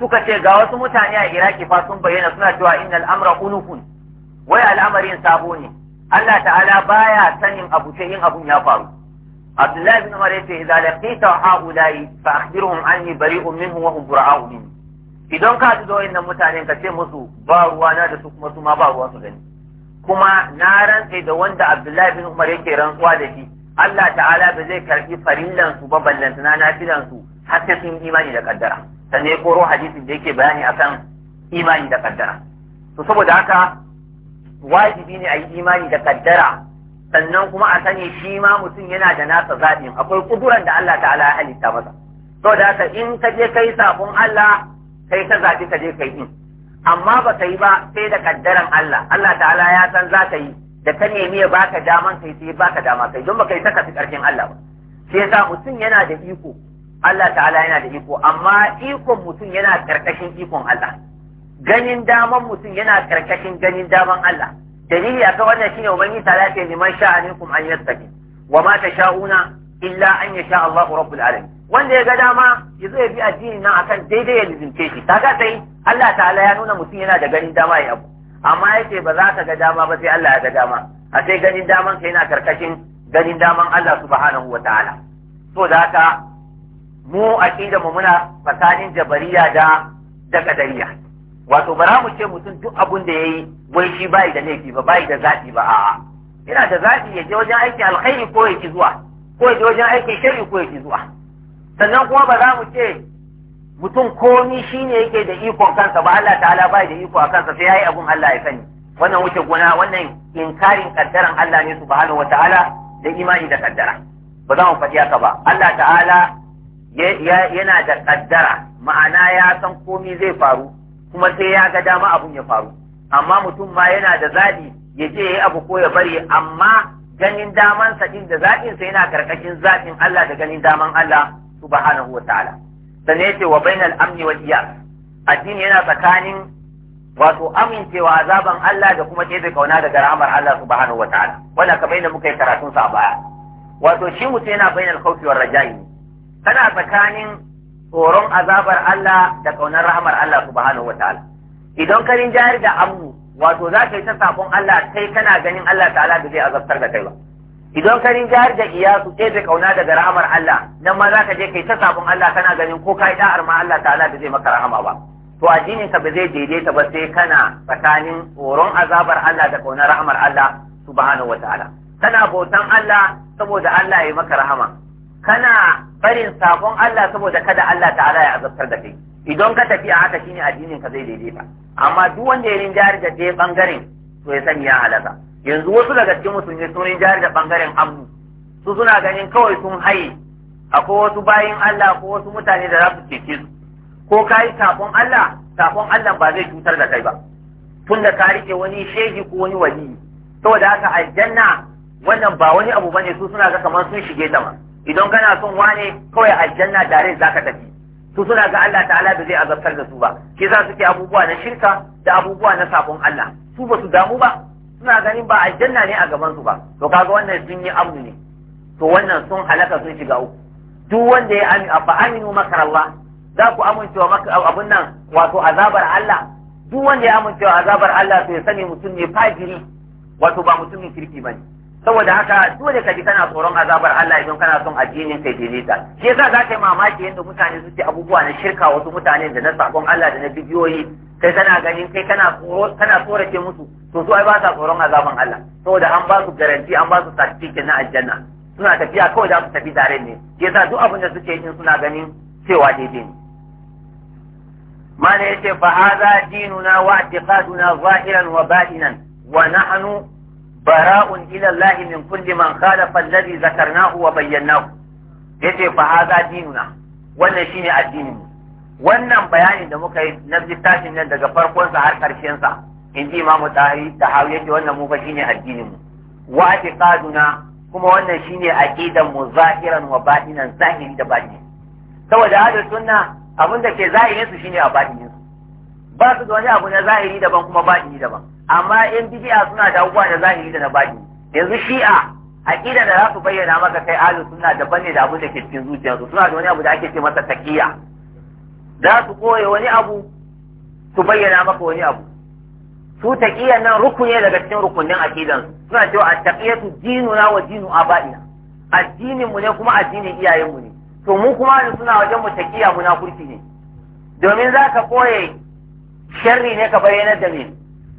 suka ce ga wasu mutane a Iraki fa sun bayyana suna cewa inna amra unufun wai al'amarin sabo ne Allah ta'ala baya sanin abu sai in abun ya faru Abdullahi bin Umar yace idza laqita haula'i fa akhbirhum anni bari'un minhu wa hum bura'u idan ka ji da wayannan mutanen ka ce musu ba ruwa na da su kuma su ma ba ruwa su gani kuma na rantse da wanda Abdullahi bin Umar yake rantsuwa da shi Allah ta'ala ba zai karbi farillan su ba ballantana na filan su har sai sun imani da kaddara sannan koro hadisin da yake bayani akan imani da kaddara to saboda haka wajibi ne a yi imani da kaddara sannan kuma a sani shi ma mutum yana da nasa zaɓin akwai kuduran da Allah ta'ala ya halitta masa saboda haka in ka je kai sabon Allah kai ka zaɓi ka je kai in amma ba ka yi ba sai da kaddaran Allah Allah ta'ala ya san za ka yi da ka nemi ya baka daman kai sai baka dama kai don baka yi saka fi karfin Allah ba shi yasa mutum yana da iko Allah ta'ala yana da iko amma ikon mutum yana karkashin ikon Allah ganin daman mutum yana karkashin ganin daman Allah dalili akan wannan shine ubangi ta'ala ce liman sha'ani kum an yastaqim wa ma tasha'una illa an yasha Allah rabbul alamin wanda ya ga dama yazo ya bi addinin nan akan daidai ya lizince shi kaga sai Allah ta'ala ya nuna mutum yana da ganin dama ya abu amma yace ba za ka ga dama ba sai Allah ya ga dama a sai ganin daman ka yana karkashin ganin daman Allah subhanahu wa ta'ala to da haka mu a kida mu muna fasanin jabariya da da kadariya wato bara mu ce mutum duk abun da yayi wai shi bai da laifi ba bai da zati ba a'a yana da zati ya je wajen aiki alkhairi ko ya ki zuwa ko ya je wajen aikin sharri ko ya ki zuwa sannan kuma ba za mu ce mutum komi shi ne yake da ikon kansa ba Allah ta'ala bai da iko a kansa sai yayi abun Allah ya sani wannan wuce gona wannan inkarin kaddaran Allah ne subhanahu wataala da imani da kaddara ba za mu faɗi haka ba Allah ta'ala yana da kaddara ma'ana ya san komi zai faru kuma sai ya ga dama abun ya faru amma mutum ma yana da zaɓi ya je ya yi abu ko ya bari amma ganin daman sa din da zaɓin sa yana karkashin zaɓin Allah da ganin daman Allah subhanahu wataala sannan yace wa bainal amni wal addini yana tsakanin wato amincewa azaban Allah da kuma tebe kauna daga rahmar Allah subhanahu wataala wala ka bayyana muka yi karatun sa a baya wato shi mutum yana bainar khawfi war raja'i kana tsakanin tsoron azabar Allah da kaunar rahmar Allah subhanahu idan ka rinjayar da amu wato za ka yi ta sabon Allah kai kana ganin Allah ta'ala da zai azabtar da kai ba idan ka rinjayar da iyasu ɗebe kauna daga rahamar Allah nan ma za ka je kai ta sabon Allah kana ganin ko ka yi da'ar ma Allah ta'ala da zai maka rahama ba to addinin ka ba zai daidaita ba sai kana tsakanin tsoron azabar Allah da kaunar rahamar Allah subhanahu ta'ala. kana bautan Allah saboda Allah ya maka rahama kana barin sabon Allah saboda kada Allah ta'ala ya azabtar da kai idan ka tafi a haka shine addinin ka zai daidaita amma duk wanda ya rinjayar da ɗaya bangaren to ya sanya ya halaka yanzu wasu daga cikin musulmi sun yi jari da bangaren abu su suna ganin kawai sun haye akwai wasu bayin Allah ko wasu mutane da za su cece su ko ka yi kafin Allah kafin Allah ba zai cutar da kai ba tunda ka rike wani shehi ko wani wali saboda haka aljanna wannan ba wani abu bane su suna ga kamar sun shige ta ma idan kana son wane kawai aljanna dare za ka tafi su suna ga Allah ta'ala ba zai azabtar da su ba ke za suke abubuwa na shirka da abubuwa na sabon Allah su ba su damu ba suna ganin ba aljanna ne a gaban su ba to kaga wannan sun yi abu ne to wannan sun halaka sun shiga uku duk wanda ya amina fa aminu makarallah za ku amincewa maka abun nan wato azabar Allah duk wanda ya amincewa azabar Allah to ya sani mutum ne fajiri wato ba mutumin kirki bane saboda haka dole ka ji kana tsoron azabar Allah idan kana son addinin kai daidaita shi yasa za ka yi mamaki yadda mutane suke abubuwa na shirka wasu mutane da na sakon Allah da na bidiyoyi kai kana ganin kai kana tsoro kana tsorace musu to su ai ba sa tsoron azaban Allah saboda an ba su garanti an ba su certificate na aljanna suna tafiya kawai za su tafi tare ne sa duk abin da suke yin suna ganin cewa daidai ne mana yace fa hadha dinuna wa i'tiqaduna zahiran wa batinan wa nahnu bara'un ila Allah min kulli man khalafa alladhi zakarnahu wa bayyanahu yace fa hadha dinuna wannan shine addinin mu wannan bayanin da muka yi na littafin nan daga farkonsa har ƙarshensa in ji imamu tahiri da hawi yake wannan mu fa shine addinin mu wa atiqaduna kuma wannan shine aqidan mu zahiran wa batinan zahiri da batini saboda ahli sunna abin da ke zahirin su shine a batinin su ba su da wani abu na zahiri daban kuma batini daban amma in bid'a suna da abubuwa da zahiri da na batini yanzu shi'a aqida da za su bayyana maka kai ahlus sunna daban ne da abin da ke cikin zuciyarsu suna da wani abu da ake ce masa taqiyya za su koya wani abu su bayyana maka wani abu su taqiyan nan rukuni daga cikin rukunin akidan suna cewa at-taqiyatu dinuna wa dinu abaina addinin mu ne kuma addinin iyayen mu ne to mu kuma da suna wajen mu na munafurci ne domin za ka koye sharri ne ka bayyana da me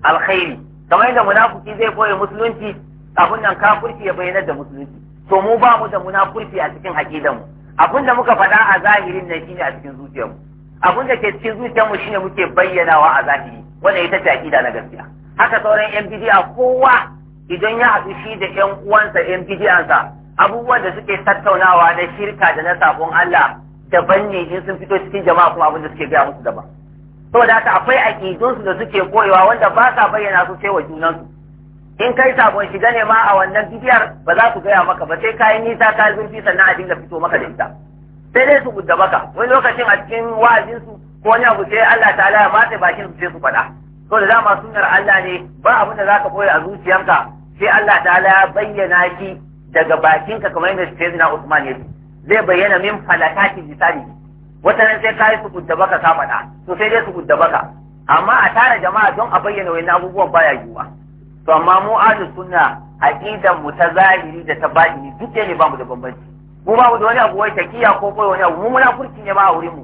alkhairi kamar yadda munafiki zai koye musulunci abun nan kurki ya bayyana da musulunci to mu ba mu da munafurci a cikin aqidan mu abin da muka faɗa a zahirin nan shine a cikin zuciyarmu abin da ke cikin zuciyar mu shine muke bayyanawa a zahiri wanda ita ce aqida na gaskiya haka sauran yan bidiya kowa idan ya haɗu shi da yan uwansa yan bidiyansa abubuwan da suke tattaunawa na shirka da na sabon Allah daban ne in sun fito cikin jama'a kuma abin da suke gaya musu daban saboda haka akwai aƙidunsu da suke koyewa wanda ba sa bayyana su sai wa junansu in kai sabon shiga ne ma a wannan bidiyar ba za su gaya maka ba sai kayan nisa ka zurfi sannan a dinga fito maka da ita sai dai su gudda baka wani lokacin a cikin wa'azinsu ko wani abu sai Allah ta'ala ya matsa bakin su sai su faɗa to da dama sunnar Allah ne ba abin da zaka boye a zuciyarka sai Allah ta'ala ya bayyana ki daga bakinka kamar yadda na Usman ya zai bayyana min falakati misali wata nan sai kai su gudda baka ka faɗa to sai dai su gudda baka amma a tara jama'a don a bayyana wani abubuwan baya yiwuwa to amma mu ahlus sunna aqidan mu ta zahiri da ta duke duk ne bamu da bambanci mu ba mu da wani abu wai takiya ko kai wani abu mu furci ne ba a wurin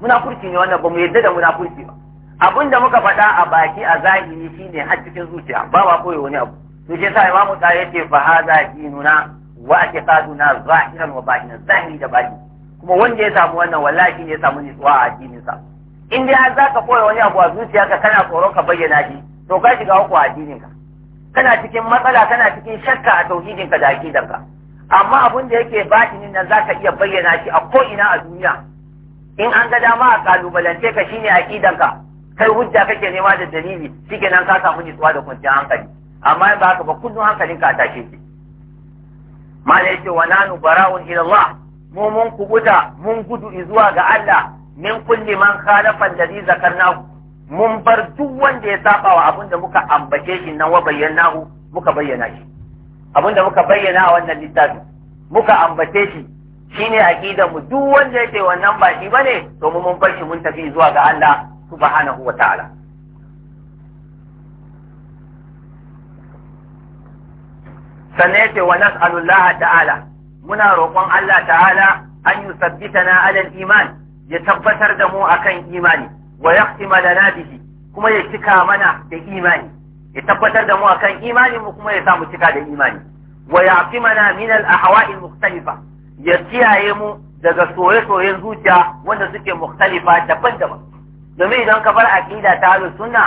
mu furci ne wannan ba mu yadda da muna furci ba abin da muka faɗa a baki a zahiri shine har cikin zuciya ba ba koyo wani abu to shi yasa imamu ta yace fa hadha dinuna wa i'tiqaduna zahiran wa batinan zahiri da baki kuma wanda ya samu wannan wallahi ne ya samu tsawa a addinin sa in dai har zaka koyo wani abu a zuciya ka, kana tsoron ka bayyana shi to ka shiga uku a addinin ka kana cikin matsala kana cikin shakka a tauhidin ka da aqidarka amma abin da yake batinin nan zaka iya bayyana shi a ko ina a duniya in an ga dama a kalubalance ka shine aqidanka kai hujja kake nema da dalili nan ka samu nutsuwa da kwanciyar hankali amma in ba haka ba kullum hankalin ka tashe shi mala yace wa nanu bara'un ila mu mun kubuta mun gudu zuwa ga Allah min kulli man khalafa alladhi zakarnahu mun bar duk wanda ya saba wa abin da muka ambace shi nan wa bayyanahu muka bayyana shi Abin da muka bayyana a wannan littafi muka ambace shi shine aqidar mu duk wanda yake wannan ba shi bane to mu mun bar shi mun tafi zuwa ga Allah subhanahu wa ta'ala sannan yake wa nas'alu Allah ta'ala muna roƙon Allah ta'ala an yusabbitana ala al-iman ya tabbatar da mu akan imani wa yaqtima lana bihi kuma ya cika mana da imani ya tabbatar da mu akan imani mu kuma ya mu cika da imani wa yaqimana min al ahwa'i mukhtalifa ya kiyaye mu daga soye-soyen zuciya wanda suke mukhtalifa daban-daban domin idan ka bar aqida ta halu sunna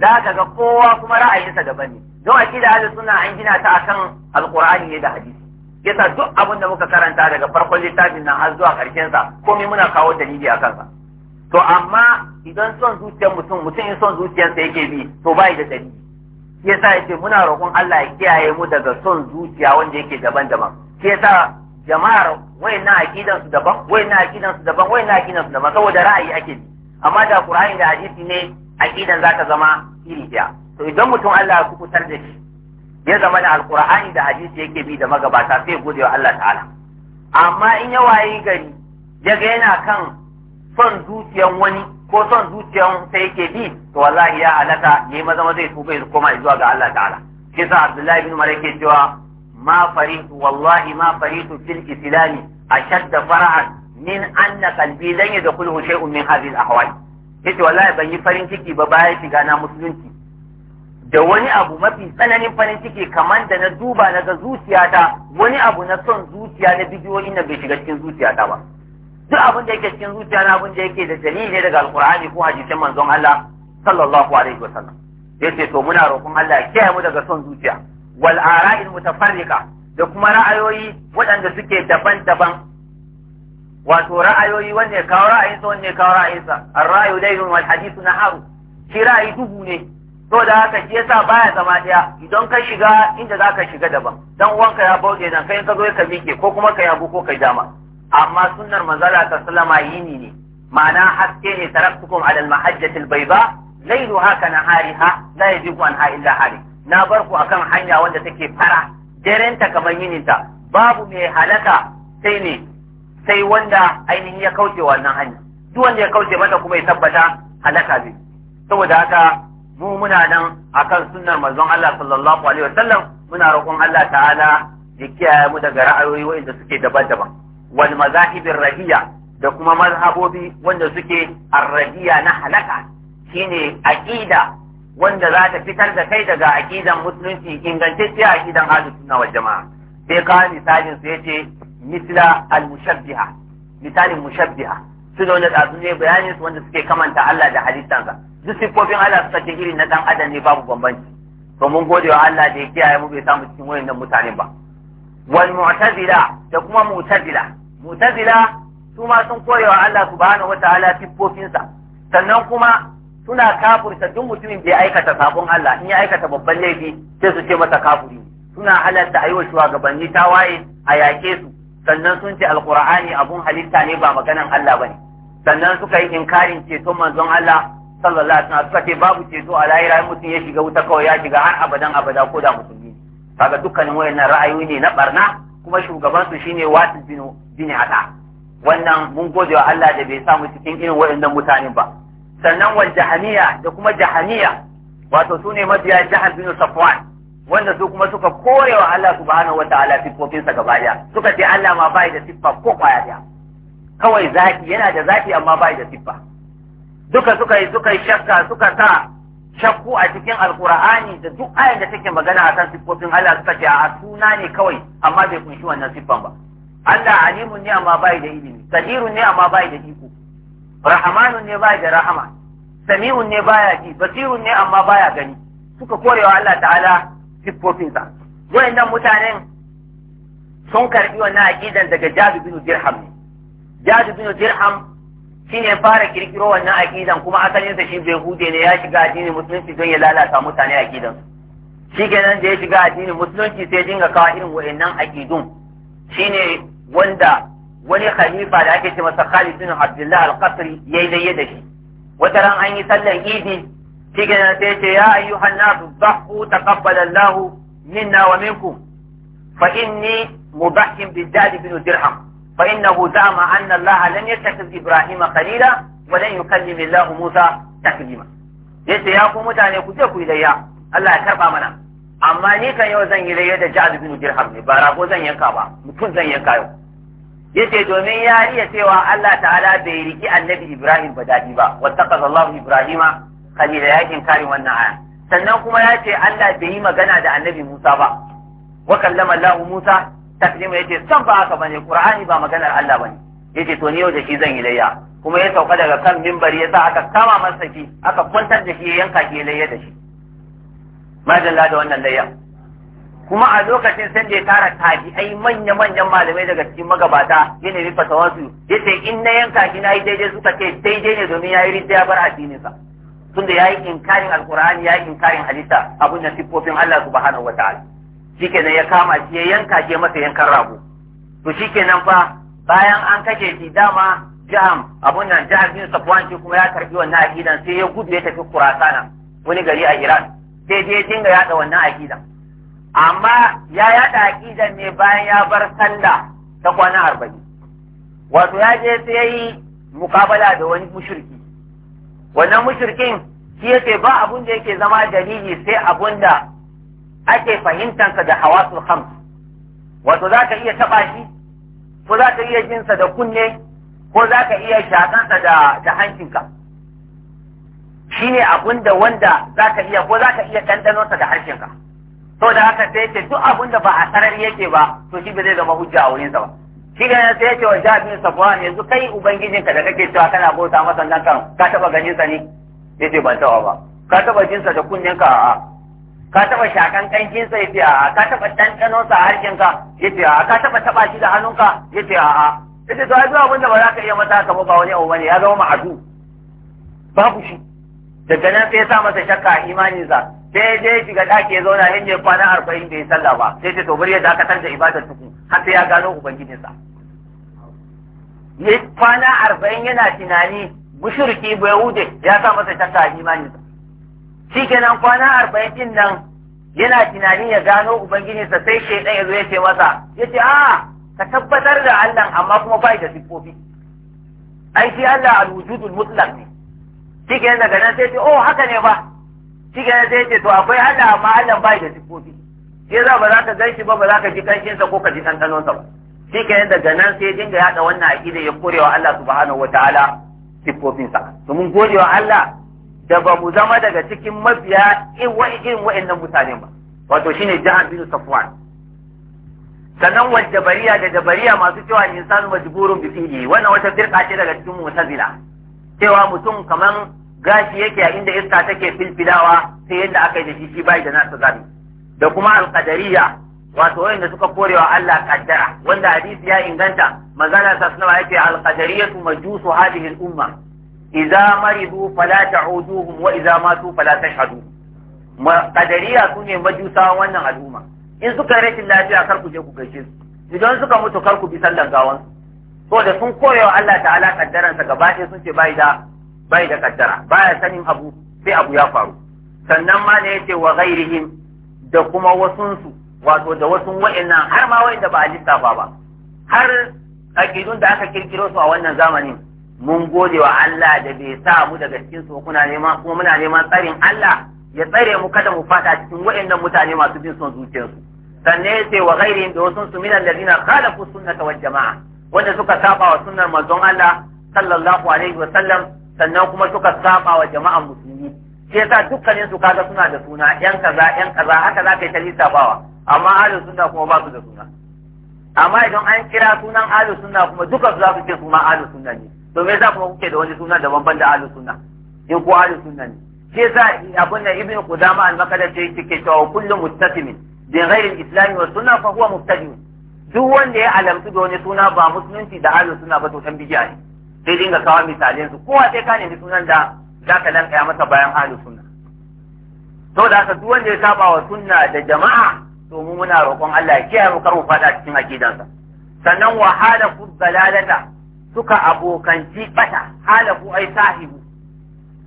za ka ga kowa kuma ra'ayinsa daban ne don aqida halu sunna an gina ta akan alqur'ani ne da hadisi yasa duk abin da muka karanta daga farkon littafin nan har zuwa karshen sa komai muna kawo dalili akan sa to amma idan son zuciyar mutum mutum in son zuciyarsa yake bi to bai da dani shi yasa yace muna roƙon Allah ya kiyaye mu daga son zuciya wanda yake daban-daban shi yasa jama'ar wayannan akidan su daban wayannan akidan su daban wayannan akidan su daban saboda ra'ayi ake bi amma da Qur'ani da hadisi ne akidan zaka zama iri daya to idan mutum Allah ya kukutar da shi ya zama da alqur'ani da hadisi yake bi da magabata sai gode wa Allah ta'ala amma in ya wayi gari ya ga yana kan son zuciyan wani ko son zuciyan sai yake bi to wallahi ya halaka yayi maza maza ya tuba ya koma zuwa ga Allah ta'ala kisa Abdullahi bin Malik ke cewa ma faritu wallahi ma faritu fil islam ashadd far'an min anna qalbi lan yadkhulu shay'un min hadhihi al-ahwal yace wallahi ban yi farin ciki ba bayan shiga na musulunci da wani abu mafi tsananin farin ciki kamar da na duba na ga zuciyata wani abu na son zuciya na bidiyoyin na bai shiga cikin zuciyata ba duk abin da yake cikin zuciya na abin da yake da dalili ne daga alkur'ani ko hadisin manzon Allah sallallahu alaihi sallam yace to muna roƙon Allah ya kiyaye mu daga son zuciya wal ara'il mutafarriqa da kuma ra'ayoyi waɗanda suke daban-daban wato ra'ayoyi wanne kawo ra'ayinsa wanne kawo ra'ayinsa ar-ra'yu laylun wal hadithu naharu shi ra'ayi duhu ne to da haka shi yasa baya zama daya idan ka shiga inda zaka shiga daban dan uwanka ya bauɗe nan kai ka zo ka miƙe ko kuma ka yabo ko ka dama amma sunnar manzala ta salama yini ne ma'ana haske ne taraktukum ala al-mahajjati al-bayda layluha ka la yajibu anha illa hari na bar ku akan hanya wanda take fara derenta kamar yininta babu mai halaka sai ne sai wanda ainihin ya kauce wannan hanya duk wanda ya kauce mata kuma ya tabbata halaka zai saboda haka mu muna nan akan sunnar manzon Allah sallallahu alaihi wasallam muna roƙon Allah ta'ala ya kiyaye mu daga ra'ayoyi wanda suke daban-daban wal mazahibir rahiya da kuma mazhabobi wanda suke arrahiya na halaka shine aqida wanda za ta fitar da kai daga aqidan musulunci ingantacciya aqidan ahlus sunna wal jamaa sai ka misalin su yace misla al mushabbiha misalin mushabbiha su da wanda tsazu ne bayanin su wanda suke kamanta Allah da halittansa duk sifofin Allah suka ce irin na dan adam ne babu bambanci to mun gode wa Allah da ya kiyaye mu bai samu cikin wayannan mutanen ba wal mu'tazila da kuma mu'tazila mu'tazila su ma sun korewa Allah subhanahu wataala siffofinsa sannan kuma suna kafurta duk mutumin da ya aikata sabon Allah in ya aikata babban laifi sai su ce masa kafuri suna halarta a yi wa shugabanni tawaye a yake su sannan sun ce alkur'ani abun halitta ne ba maganan Allah bane sannan suka yi inkarin ceto manzon Allah sallallahu alaihi wasallam suka ce babu ceto a lahira mutum ya shiga wuta kawai ya shiga har abadan abada ko da musulmi kaga dukkanin wayannan ra'ayoyi ne na barna kuma shugaban su shine wasu bin bin ata wannan mun gode wa Allah da bai samu cikin irin wayannan mutanen ba sannan wal jahaniya da kuma jahaniya wato sune mabiya jahal bin safwan wanda su kuma suka korewa Allah subhanahu wataala siffofinsa gaba daya suka ce Allah ma bai da siffa ko kwaya daya kawai zaki yana da zaki amma bai da siffa duka suka yi suka yi shakka suka sa shakku a cikin alkur'ani da duk ayan da take magana a kan siffofin Allah suka ce a suna ne kawai amma bai kunshi wannan siffan ba Allah alimun ne amma bai da ilimi kadirun ne amma bai da iko rahmanun ne bai da rahama sami'un ne baya ji basirun ne amma baya gani suka korewa Allah ta'ala siffofinsa wayannan mutanen sun karbi wannan aqidan daga Jabir bin Dirham ne Jabir bin Dirham shi ne fara kirkiro wannan aƙidan kuma asalinsa shi bai hude ne ya shiga addinin musulunci don ya lalata mutane aqidan shi kenan da ya shiga addinin musulunci sai dinga kawo irin wa'annan shi shine wanda wani khalifa da ake ce masa Khalid bin Abdullah al-Qasri yayi dai da shi wata ran an yi sallan idi shi kenan sai ce ya ayyuhan nasu dhahu taqabbala Allahu minna wa minkum fa inni mudahhim bi dirham فإنه زعم أن الله لن يتخذ إبراهيم خليلا ولن يكلم الله موسى تكليما yace ya ku mutane ku je ku layya Allah ya karba mana amma ni kan yau zan yi layya da Ja'd bin Dirham ba rago zan yanka ba mutum zan yanka yau yace domin ya iya cewa Allah ta'ala bai riki annabi Ibrahim ba dadi ba wattaqala Allahu Ibrahima khalila yakin kare wannan aya sannan kuma yace Allah bai yi magana da annabi Musa ba wa Musa ya ce san ba haka bane ba maganar Allah Ya ce, to ni yau da shi zan yi layya kuma ya sauka daga kan mimbari yasa aka kama masa shi aka kwantar da shi ya yanka shi layya da shi madalla da wannan layya kuma a lokacin sai da ya tara ai manya-manyan malamai daga cikin magabata ya nemi fatawansu ya ce in na yanka ki na yi daidai suka ce daidai ne domin ya yi ridda ya bar addininsa tunda ya yi inkarin alkur'ani ya yi inkarin halitta abin da siffofin Allah subhanahu wa ta'ala shikenan ya kama shi ya yanka ke masa yankan rago to shikenan fa bayan an kashe shi dama jam abun nan jihar din safwan shi kuma ya karbi wannan aqidan sai ya gudu ya tafi kurasana wani gari a iran sai dai dinga yada wannan aqidan amma ya yada aqidan ne bayan ya bar sallah ta kwana arba'in wato ya je sai ya yi mukabala da wani mushriki wannan mushrikin shi yake ba abun da yake zama dalili sai abun da ake fahimtansa da hawasul kham wato za ka iya taɓa shi ko za ka iya jinsa da kunne ko za ka iya shakansa da da hancinka shine abunda da wanda za ka iya ko za ka iya ɗanɗanonsa da harshenka to da haka sai ce duk abunda da ba a sarar yake ba to shi ba zai zama hujja a wurinsa ba shi ga yana sai ya ce wa jabi safwan yanzu kai ubangijinka da kake cewa kana bauta masa nan kan ka taɓa ganinsa ne yace ban taɓa ba ka taɓa jinsa da kunnenka a'a ka taba shakan kankin sa yace a ka taba dandano sa harkin ka yace a ka taba taba shi da hannunka yace a a yace to ai abin da ba za ka iya mata ka ba wani abu bane ya zama ma'adu babu shi daga nan sai ya sa masa shakka a imanin sa sai je shiga daki ya zauna yin ne kwana arba'in bai sallah ba sai ce to bari ya dakatar da ibadar tuku har sai ya gano sa ya kwana arba'in yana tunani bushirki bai wuce ya sa masa shakka a imaninsa shi kenan kwana arba'in din nan yana tunani ya gano sa, sai shaidan ya zo ya ce masa ya ce a ka tabbatar da Allah amma kuma bai da siffofi ai shi Allah al-wujudul mutlaq ne shi kenan daga nan sai ce oh haka ne ba shi kenan sai ce to akwai Allah amma Allah bai da siffofi sai za ba za ka ganshi ba ba za ka ji kanshin sa, ko ka ji sa ba shi kenan daga nan sai dinga yada wannan aƙida ya korewa Allah subhanahu wataala sifofin siffofinsa to mun gode wa Allah da ba mu zama daga cikin mabiya irin wa'annan mutane ba wato shine jihar bin safwan sannan wa jabariya da jabariya masu cewa insanu majburun bi fihi wannan wata firqa ce daga cikin mu'tazila cewa mutum kaman gashi yake a inda iska take filfilawa sai yadda aka yi da shi bai da nasu zabi da kuma alqadariya wato wanda suka korewa Allah kaddara wanda hadisi ya inganta magana sa sunawa yake alqadariyatu majusu hadihi al-umma idza maridu fala ta'uduhum wa idza matu fala tashhadu qadariya sune majusa wannan al'umma in suka rashin lafiya kar ku je ku gaishe su idan suka mutu kar ku bi sallan gawan to da sun koya Allah ta'ala kaddaran sa gaba ɗaya sun ce bai da bai da kaddara baya sanin abu sai abu ya faru sannan ma ne yace wa ghairihim da kuma wasunsu wato da wasu wa'annan har ma wa'anda ba a lissafa ba har aqidun da aka kirkiro su a wannan zamanin mun gode wa Allah da bai sa mu daga cikin su kuna nema kuma muna neman tsarin Allah ya tsare mu kada mu fata cikin waɗannan mutane masu bin son zuciyarsu sannan ya ce wa ghairi da wasu su minal ladina khalafu sunnata wal jamaa wanda suka saba wa sunnar manzon Allah sallallahu alaihi wa sallam sannan kuma suka saba wa jama'an musulmi sai sa dukkanin su kaga suna da suna yan kaza yan kaza haka za ka yi talisa bawa amma ahlus sunna kuma ba su da suna amma idan an kira sunan ahlus sunna kuma duka su za su ce su ahlus sunna ne to me yasa kuma kuke da wani suna daban ban da ahlus sunna in ko ahlus sunna ne shi yasa abin da ibnu qudama al-makdisi yake cewa kullu muttasimin bi ghairi al-islam wa sunna fa huwa mubtadi duk wanda ya alamtu da wani suna ba musulunci da ahlus sunna ba to dan ne sai dinga kawo misalan su kowa sai ka da sunan da zaka lanka masa bayan ahlus sunna to da haka duk wanda ya saba wa sunna da jama'a to mu muna roƙon Allah ya kiyaye mu kar mu fada cikin aqidansa sannan wahala ku dalalata suka abokanci bata halafu ai sahibu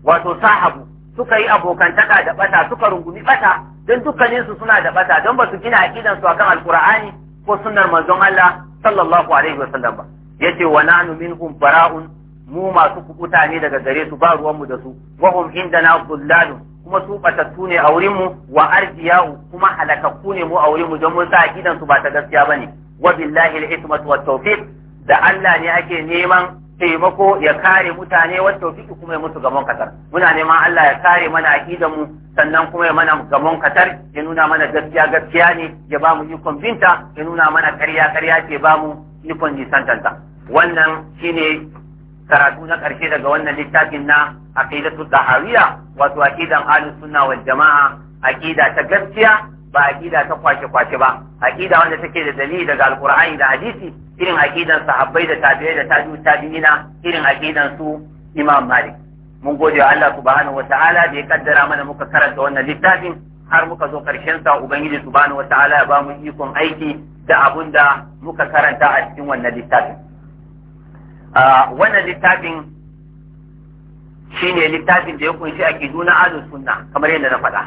wato sahabu suka yi abokantaka da bata suka rungumi bata don dukkaninsu suna da bata don ba su gina aqidan su akan alqur'ani ko sunnar manzon Allah sallallahu alaihi wasallam ba yace wa nanu minhum bara'un mu masu kubuta ne daga gare su ba ruwanmu da su wa hum indana dhullalu kuma su batattu ne a wurin mu wa arjiyahu kuma halakakku ne mu a wurin mu don mun sa aqidan su ba ta gaskiya bane wa billahi al-hikmatu wat-tawfiq da Allah ne ake neman taimako ya kare mutane wato fiki kuma ya mutu gamon katar muna neman Allah ya kare mana aqidan mu sannan kuma ya mana gamon katar ya nuna mana gaskiya gaskiya ne ya ba mu ikon binta ya nuna mana karya karya ce ba mu ikon nisantanta wannan shine karatu na karshe daga wannan littafin na aqidatu tahawiyya wato aqidan ahlus sunna wal jamaa aqida ta gaskiya ba aqida ta kwashe-kwashe ba aqida wanda take da dalili daga alqur'ani da hadisi irin aqidan sahabbai da tabi'ai da tabi'u tabi'ina irin aqidan su imam malik mun gode wa Allah subhanahu ta'ala da ya kaddara mana muka karanta wannan littafin har muka zo karshen sa ubangiji subhanahu wataala ya ba mu ikon aiki da abun da muka karanta a cikin wannan littafin wannan littafin shine littafin da ya kunshi aqidu na ahlus sunna kamar yadda na faɗa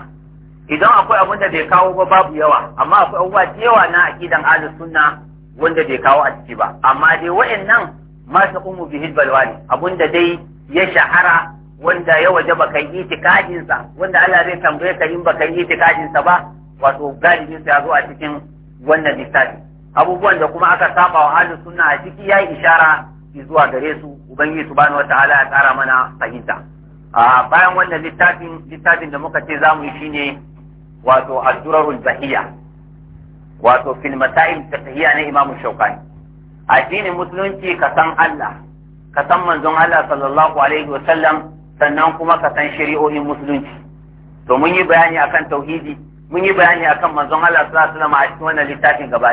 idan akwai abin da bai kawo ba babu yawa amma akwai abubuwa da yawa na akidan ahli sunna wanda bai kawo a ciki ba amma dai wa'annan ma ta umu balwali. Abun da dai ya shahara wanda ya waje baka yi itikadin sa wanda Allah zai tambaye ka in baka yi itikadin sa ba wato galibin sa ya zo a cikin wannan littafi abubuwan da kuma aka saba wa ahli sunna a ciki yayi ishara zuwa gare su ubangiji subhanahu wataala ya tsara mana fahimta a ah, bayan wannan littafin littafin da muka ce zamu yi shine wato ad-durarul wato fil masail fiqhiyya ne Imam shaukani addinin musulunci ka san Allah ka san manzon Allah sallallahu alaihi wa sallam sannan kuma ka san shari'o'in musulunci to mun yi bayani akan tauhidi mun yi bayani akan manzon Allah sallallahu alaihi wa sallam a cikin wannan littafin gaba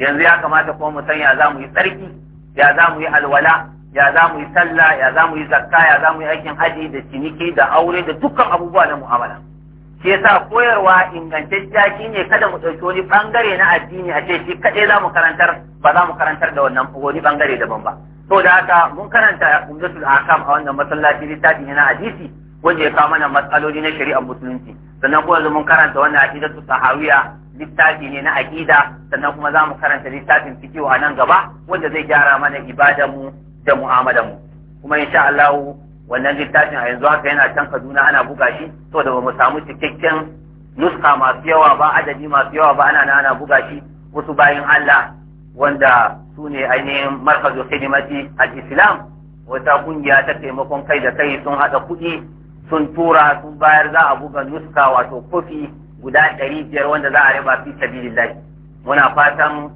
yanzu ya kamata kuma mu san ya za mu yi tsarki ya za mu yi alwala ya za mu yi sallah ya za mu yi zakka ya za mu yi aikin haji da ciniki da aure da dukkan abubuwa na mu'amala Ke sa koyarwa ingantacciya ne kada mu ɗauki wani bangare na addini a ce shi kaɗai za mu karantar ba za mu karantar da wannan wani bangare daban ba to da haka mun karanta umdatul akam a wannan masallaci littafi na hadisi wanda ya kawo mana matsaloli na shari'ar musulunci sannan kuma yanzu mun karanta wannan aqidatu sahawiya littafi ne na aqida sannan kuma za mu karanta littafin fiqh a nan gaba wanda zai gyara mana ibadanmu da mu'amalanmu kuma insha Allah wannan littafin a yanzu haka yana can Kaduna ana buga shi to da mu samu cikakken nuska masu yawa ba adadi masu yawa ba ana ana buga shi wasu bayin Allah wanda su ne ainihin markazu hidimati al-islam wata kungiya ta taimakon kai da kai sun haɗa kuɗi sun tura sun bayar za a buga nuska wato kofi guda ɗari biyar wanda za a riba fi sabilillahi muna fatan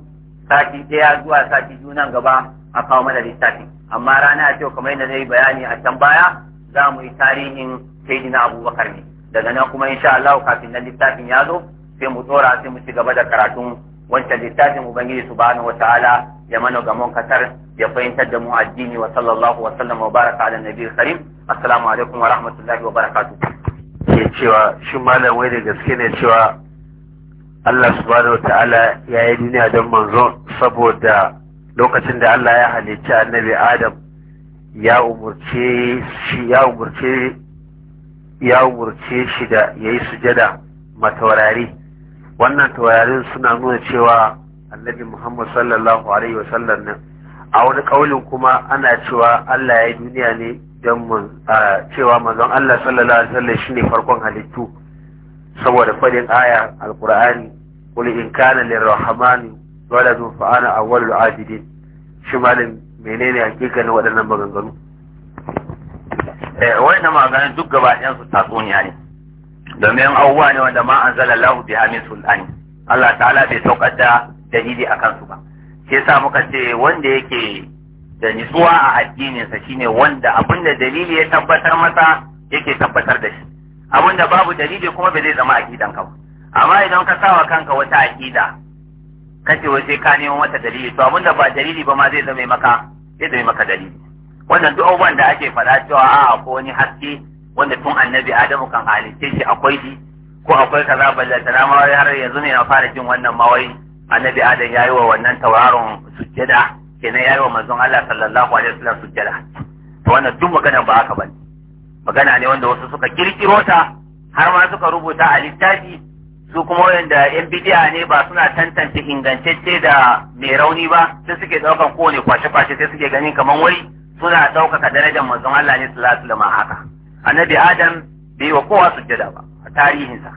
sati ɗaya zuwa sati biyu gaba a kawo mana littafin amma rana yau kamar yadda zai bayani a can baya za mu yi tarihin sayyidina abubakar ne daga nan kuma insha Allah kafin nan littafin ya zo sai mu tsora sai mu ci gaba da karatun wancan littafin ubangiji subhanahu wataala ya mana mun kasar ya fahimtar da mu addini wa sallallahu wa sallam wa baraka ala nabiyil karim assalamu alaikum wa rahmatullahi wa barakatuh ke cewa shi malam wai da gaske ne cewa Allah subhanahu wataala ya yi duniya don manzo saboda lokacin da Allah ya halicci annabi Adam ya umurce shi ya umurce ya umurce shi da yayi sujada mataurari wannan taurarin suna nuna cewa annabi Muhammad sallallahu alaihi wasallam ne a wani kaulin kuma ana cewa Allah ya yi duniya ne don mun cewa manzon Allah sallallahu alaihi wasallam shine farkon halittu saboda fadin aya alqur'ani qul in kana lirrahmani waladu fa ana awwalul abidin shi malam menene hakikanin waɗannan maganganu eh wannan magana duk gaba ɗayan su tatsuniya ne domin abubuwa ne wanda ma anzala lahu biha min sultani Allah ta'ala bai saukar da dalili a kansu ba shi yasa muka ce wanda yake da nitsuwa a addininsa shine wanda da dalili ya tabbatar masa yake tabbatar da shi abinda babu dalili kuma bai zai zama aqidan ka ba amma idan ka sawa kanka wata aqida kace wai sai ka nemo mata dalili to abinda ba dalili ba ma zai zame maka zai zame maka dalili wannan duk abubuwan da ake faɗa cewa a ko wani haske wanda tun annabi adamu kan halice shi akwai shi ko akwai kaza ballanta na ma har yanzu ne na fara jin wannan mawai annabi adam ya yi wa wannan tauraron sujjada kenan ya yi wa manzon Allah sallallahu alaihi wasallam sujjada to wannan duk magana ba haka bane magana ne wanda wasu suka kirkiro ta har ma suka rubuta a littafi su kuma wanda yan bidiya ne ba suna tantance ingantacce da mai rauni ba sai suke daukan kowane kwashe-kwashe sai suke ganin kamar wai suna ɗaukaka darajar manzon Allah ne sallallahu alaihi haka annabi Adam bai wa kowa sujjada ba a tarihinsa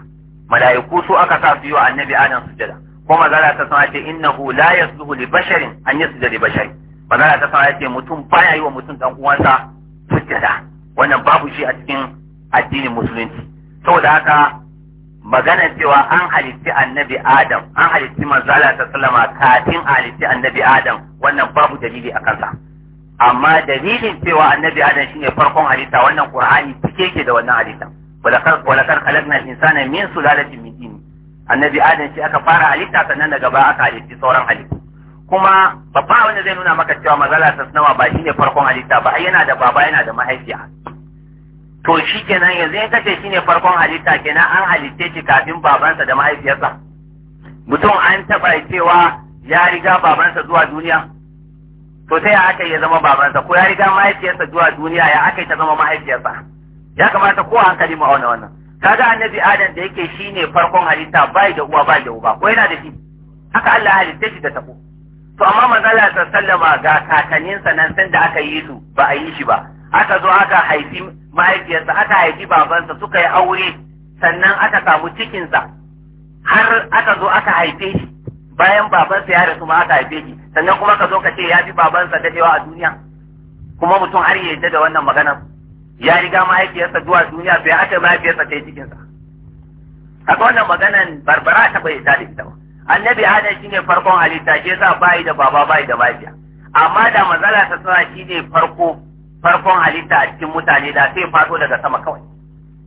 mala'iku su aka sa su yi wa annabi Adam sujjada ko magana ta sama ce innahu la yasluhu li basharin an yasjuda li bashari magana ta san ce mutum baya yi wa mutum dan uwansa sujjada wannan babu shi a cikin addinin musulunci saboda haka maganar cewa an halitti annabi Adam an halitti manzala ta sallama kafin a halitti annabi Adam wannan babu dalili a kansa amma dalilin cewa annabi Adam shine farkon halitta wannan Qur'ani cike ke da wannan halitta walakar walakar khalaqnal insana min sulalatin min tin annabi Adam shi aka fara halitta sannan daga baya aka halitti sauran halittu kuma babba wanda zai nuna maka cewa manzala ta sallama ba shine farkon halitta ba Ai yana da baba yana da mahaifiya to shi kenan yanzu in kace shine farkon halitta kenan an halitte shi kafin babansa da mahaifiyarsa mutum an taɓa cewa ya riga babansa zuwa duniya to ta ya aka ya zama babansa ko ya riga mahaifiyarsa zuwa duniya ya aka ta zama mahaifiyarsa ya kamata ko hankali mu auna wannan kaga annabi adam da yake shine farkon halitta bai da uwa bai da uba ko yana da shi haka Allah ya halitte shi da tabo to amma manzala sallama ga kakanninsa nan sanda da aka yi su ba a yi shi ba aka zo aka haifi mahaifiyarsa aka haifi babansa suka yi aure sannan aka samu cikinsa har aka zo aka haife shi bayan babansa ya rasu ma aka haife shi sannan kuma ka zo ka ce ya fi babansa dadewa a duniya kuma mutum har ya yadda da wannan maganar ya riga mahaifiyarsa zuwa duniya bai aka mahaifiyarsa ta yi cikinsa kaga wannan maganan barbara ta bai da ita ba annabi adam shine farkon halitta ke sa bai da baba bai da mahaifiya amma da mazala ta shi shine farko farkon halitta a cikin mutane da sai faɗo daga sama kawai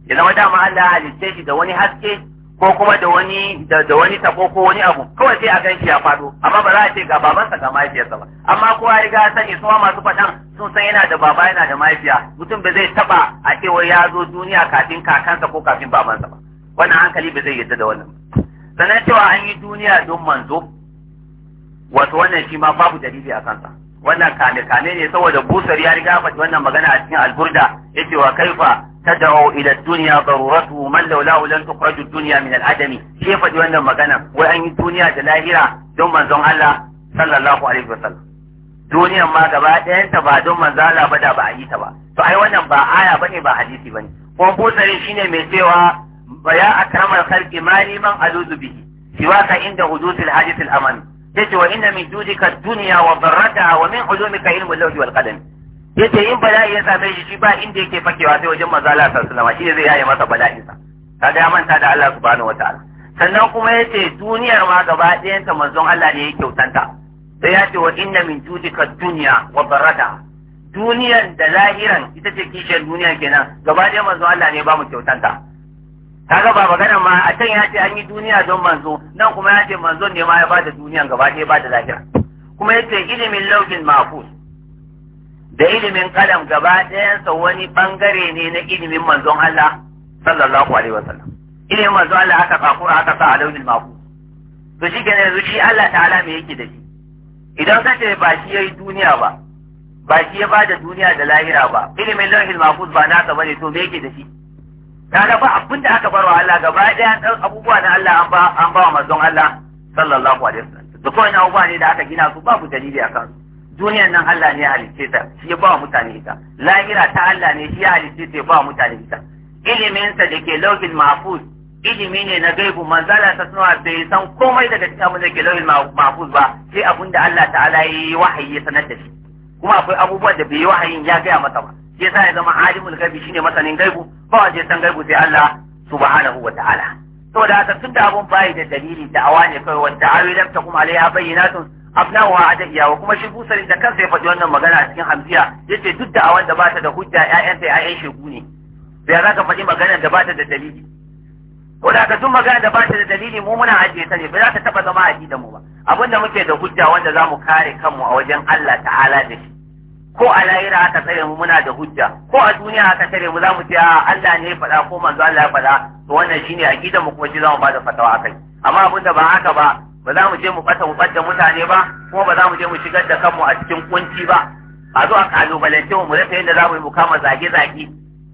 ya zama dama Allah ya halitta shi da wani haske ko kuma da wani da wani tabo ko wani abu kawai sai a gan shi ya faso amma ba za a ce ga babansa ga mahaifiyarsa ba amma kowa ya ga sani su masu faɗan sun san yana da baba yana da mahaifiya mutum ba zai taba a wai ya zo duniya kafin kakansa ko kafin babansa ba wannan hankali ba zai yarda da wannan sannan cewa an yi duniya don manzo wato wannan shi ma babu dalili a kansa wannan kame-kame ne saboda busar ya riga faɗi wannan magana a cikin alburda yace wa kaifa tad'u ila dunya daruratu man laulahu lan tukhraju dunya min al-adami shi faɗi wannan magana wai an yi duniya da lahira don manzon Allah sallallahu alaihi wasallam duniyan ma gaba ɗayan ta ba don manzon Allah ba da ba a yi ta ba to ai wannan ba aya bane ba hadisi bane kuma busari shine mai cewa ya akramal khalqi Maliman liman aluzu bihi siwaka inda hudusil hadithil amani yace wa inna min judika dunya wa darrataha wa min ulumika ilmu al-lawhi wal qalam yace in bala'i ya same shi shi ba inda yake fakewa sai wajen maza Allah sallallahu alaihi wasallam shi zai yaye masa bala'in sa kaga ya manta da Allah subhanahu wataala sannan kuma yace duniyar ma gaba ɗayan ta manzon Allah ne ya kyautanta sai ya wa inna min judika dunya wa darrataha duniyar da lahiran ita ce kishiyar duniya kenan gaba ɗaya manzon Allah ne ba mu kyautanta kaga ba magana ma a can ya ce an yi duniya don manzo nan kuma ya ce manzo ne ma ya ba da duniyan gaba ɗaya ba da lahira kuma ya ce ilimin laukin mafus da ilimin kalam gaba ɗayansa wani bangare ne na ilimin manzon Allah sallallahu alaihi wa sallam. ilimin manzon Allah aka tsakura aka sa a laukin mafus to shi ke yanzu shi Allah ta'ala me yake da shi idan ka ce ba shi ya yi duniya ba ba shi ya ba da duniya da lahira ba ilimin laukin mafus ba nasa ne to me yake da shi kaga ba abin da aka barwa Allah gaba daya dan abubuwa na Allah an ba an ba wa manzon Allah sallallahu alaihi wasallam duk wani abubuwa ne da aka gina su babu dalili akan su duniyan nan Allah ne ya halicce ta shi ya ba mutane ita lahira ta Allah ne shi ya halicce ta ya ba mutane ita ilimin sa dake lauhin mahfuz ilimi ne na gaibu manzala ta suna bai san komai daga cikin abin da ke lauhin mahfuz ba sai abin da Allah ta'ala ya yi wahayi sanar da shi kuma akwai abubuwan da bai yi wahayin ya gaya masa ba shi yasa ya zama alimul gaibi shine masanin gaibu ba wanda ya san gaibu sai Allah subhanahu wa ta'ala saboda haka tunda abun bai da dalili da awa ne kai wanda ayoyi lam takum alaiha bayyinatun wa adabiya wa kuma shi busarin da kansa ya faɗi wannan magana a cikin hamziya yace duk da awan da bata da hujja sai 'ya'yan shegu ne bai za ka faɗi magana da bata da dalili ko da ka sun magana da ba da dalili mu muna ajiye ta ne ba za ta taba zama a da mu ba abinda muke da hujja wanda za mu kare kanmu a wajen Allah ta'ala da shi ko a lahira aka tsare mu muna da hujja ko a duniya aka tsare mu za mu ce Allah ne ya faɗa ko manzo Allah ya faɗa to wannan shine aqidar mu kuma shi za mu bada fatawa akai amma abinda ba haka ba ba za mu je mu bata mu bata mutane ba kuma ba za mu je mu shigar da kanmu a cikin kunci ba a zo a kalubalance mu mu rasa yadda za mu yi mu kama zage-zage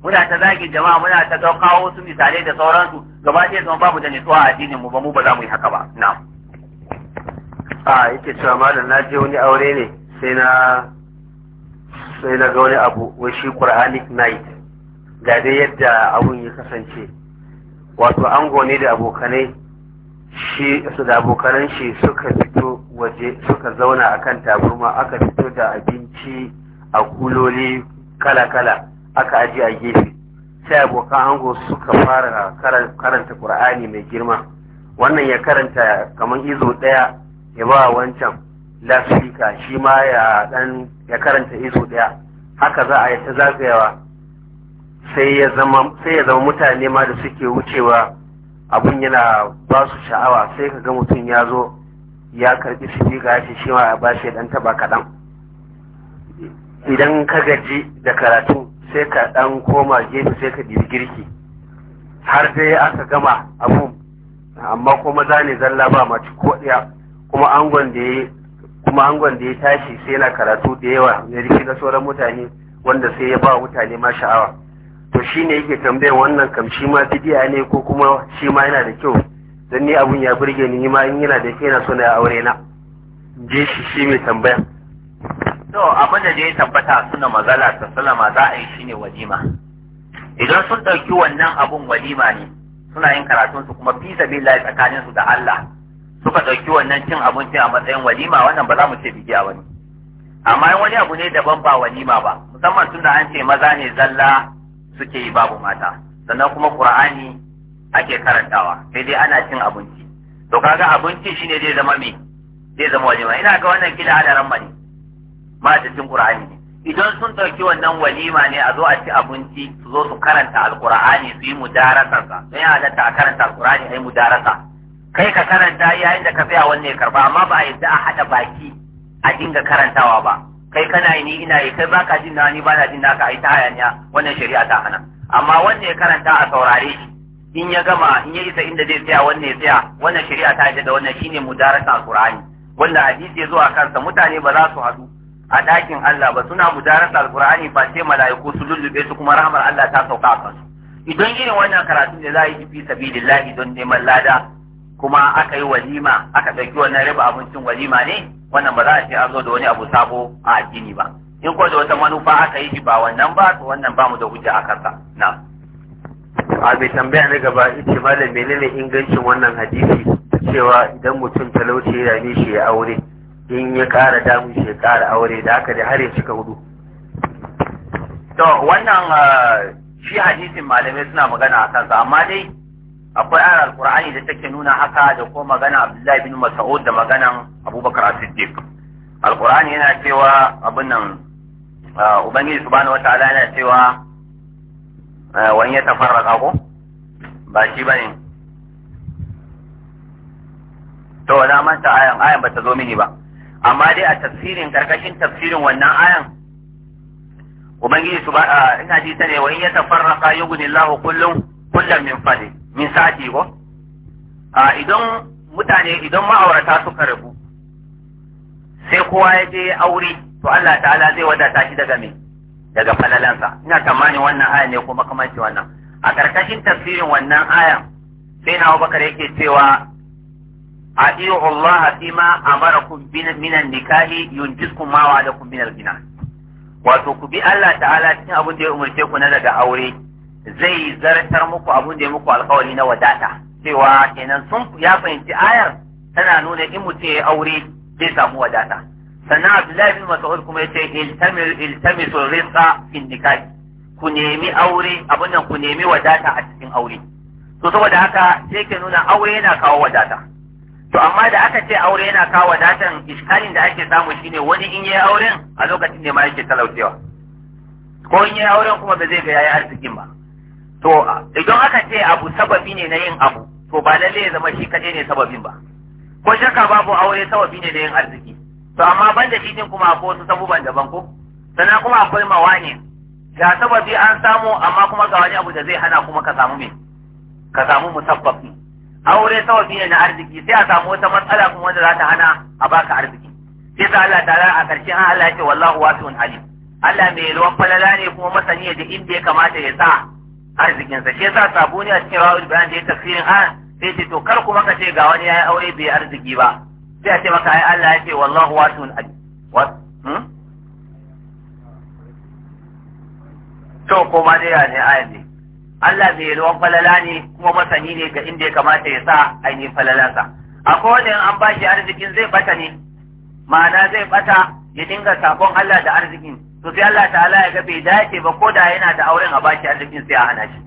muna ta zagin jama'a muna ta kawo wasu misalai da sauransu gaba ɗaya zama babu da nutsuwa a addinin mu ba mu ba za mu yi haka ba na a yake cewa malam na je wani aure ne sai na sai na ga wani abu wai shi qur'anic night ga dai yadda abun ya kasance wato ango ne da abokanai shi su da abokanan shi suka fito waje suka zauna akan taburma aka fito da abinci a kuloli kala-kala aka ajiye a gefe sai abokan ango suka fara karanta qur'ani mai girma wannan ya karanta kamar izo ɗaya ya ba wancan lafika shi ma ya karanta izo ɗaya haka za a yi ta zagayawa sai ya zama mutane ma da suke wucewa abun yana ba su sha'awa sai ka ga mutum ya zo ya karbi sifika ya ce shi ma ya ba shi dan taba kaɗan idan ka gaji da karatu sai ka ɗan koma gefe sai ka ɗiri girki har dai aka gama abu amma ko maza ne zalla ba mace ko ɗaya kuma angon da ya kuma angon da ya tashi sai yana karatu da yawa ya rike da sauran mutane wanda sai ya ba mutane ma sha'awa to shi ne yake tambayar wannan kam shi ma fidiya ne ko kuma shi ma yana da kyau don ni abun ya burge ni ma in yana da kyau yana so na aure na je shi shi mai tambaya to abin da ya tabbata suna mazala ta salama za a yi shine walima idan sun ɗauki wannan abun walima ne suna yin karatun su kuma fi sabilillah tsakanin su da Allah suka ɗauki wannan cin abinci a matsayin walima wannan ba za mu ce bigiya wani amma in wani abu ne daban ba walima ba musamman tunda an ce maza ne zalla suke yi babu mata sannan kuma Kur'ani ake karantawa sai dai ana cin abinci to kaga abinci shine zai zama me zai zama walima ina ga wannan kila adaran ne majalisin qur'ani idan sun ɗauki wannan walima ne a zo a ci abinci su zo su karanta alƙur'ani su yi mudarasarsa don ya halatta a karanta alƙur'ani a yi mudarasa kai ka karanta yayin da ka tsaya wanne ya karba amma ba a yadda a haɗa baki a dinga karantawa ba kai kana yi ni ina yi kai baka jin na ni ba na jin na ka yi ta hayaniya wannan shari'a ta hana amma wanne ya karanta a saurare shi in ya gama in ya isa inda zai tsaya wanne ya tsaya wannan shari'a ta yadda da wannan shine mudarasa alƙur'ani wanda hadisi ya zo a kansa mutane ba za su haɗu a ɗakin Allah ba suna mudarasa alqur'ani ba sai mala'iku su lullube su kuma rahmar Allah ta sauka a kansu idan irin wannan karatun da za yi fi sabilillahi don neman lada kuma aka yi walima aka ɗauki wannan riba abincin walima ne wannan ba za a ce an zo da wani abu sabo a addini ba in ko da wata manufa aka yi ba wannan ba to wannan ba mu da hujja a kansa na a mai tambaya na gaba ita malam menene ingancin wannan hadisi cewa idan mutum talauci ya rame shi ya aure in ya ƙara damu shi ya ƙara aure da haka da har ya cika hudu to wannan ah, shi hadisin malamai suna magana a kansa amma dai akwai ayar alqur'ani da take nuna haka da ko magana abdullahi bin mas'ud da maganan abubakar as-siddiq alqur'ani yana cewa abin nan ah, ubangiji subhanahu wataala yana cewa eh, wani ya tafarraka ko ba shi bane to na manta ayan ayan ta zo mini ba amma dai a tafsirin karkashin tafsirin wannan ayan ubangiji su ba ina ji ta ne wa in ya tafarraka yughni Allah kullum kullum min fadi min sati ko A idan mutane idan ma'aurata suka rabu sai kowa ya je aure to Allah ta'ala zai wadata shi daga me daga falalansa ina tsammanin wannan aya ne kuma kamar wannan a karkashin tafsirin wannan aya sai na Abubakar yake cewa أطيعوا الله فيما أمركم من النكاح ينجزكم ما وعدكم من الغنى wato ku bi Allah ta'ala cikin abin da ya umarce ku na daga aure zai zartar muku abin da ya muku alkawari na wadata cewa kenan sun ya fahimci ayar tana nuna in mutum ya aure zai samu wadata sannan Abdullahi bin Mas'ud kuma yace iltamil iltamisu rizqa fi nikah ku nemi abin nan ku nemi wadata a cikin aure to saboda haka sai ke nuna aure yana kawo wadata to amma da aka ce aure yana kawo wadatan iskalin da ake samu shine wani in yayi auren a lokacin ne ma yake talaucewa ko in yayi auren kuma ba zai ga yayi arzikin ba to idan aka ce abu sababi ne na yin abu to ba lalle ya zama shi kaɗai ne sababin ba ko shakka babu aure sababi ne na yin arziki to amma ban da shi din kuma akwai wasu sabuban daban ko sannan kuma akwai mawani ga sababi an samu amma kuma ga wani abu da zai hana kuma ka samu me ka samu musabbabi aure sawabi ne na arziki sai a samu wata matsala kuma wanda za ta hana a baka arziki sai sa Allah ta a an Allah ya ce wallahu wasi'un alim Allah mai ruwan falala ne kuma masani da inda ya kamata ya sa arzikin sa shi yasa sabuni a cikin rawul bayan da ya tafsirin a sai ce to kar kuma ka ce ga wani yayi aure bai arziki ba sai a ce maka ai Allah ya ce wallahu wasi'un alim hmm? to ko ma dai ne ayan ne Allah mai ruwan falala ne kuma masani ne ga inda ya kamata ya sa ainihin falalarsa kowane in an ba shi arzikin zai bata ne ma'ana zai bata ya dinga sakon Allah da arzikin to sai Allah ta'ala ya ga bai dace ba ko da yana da auren a bashi arzikin sai a hana shi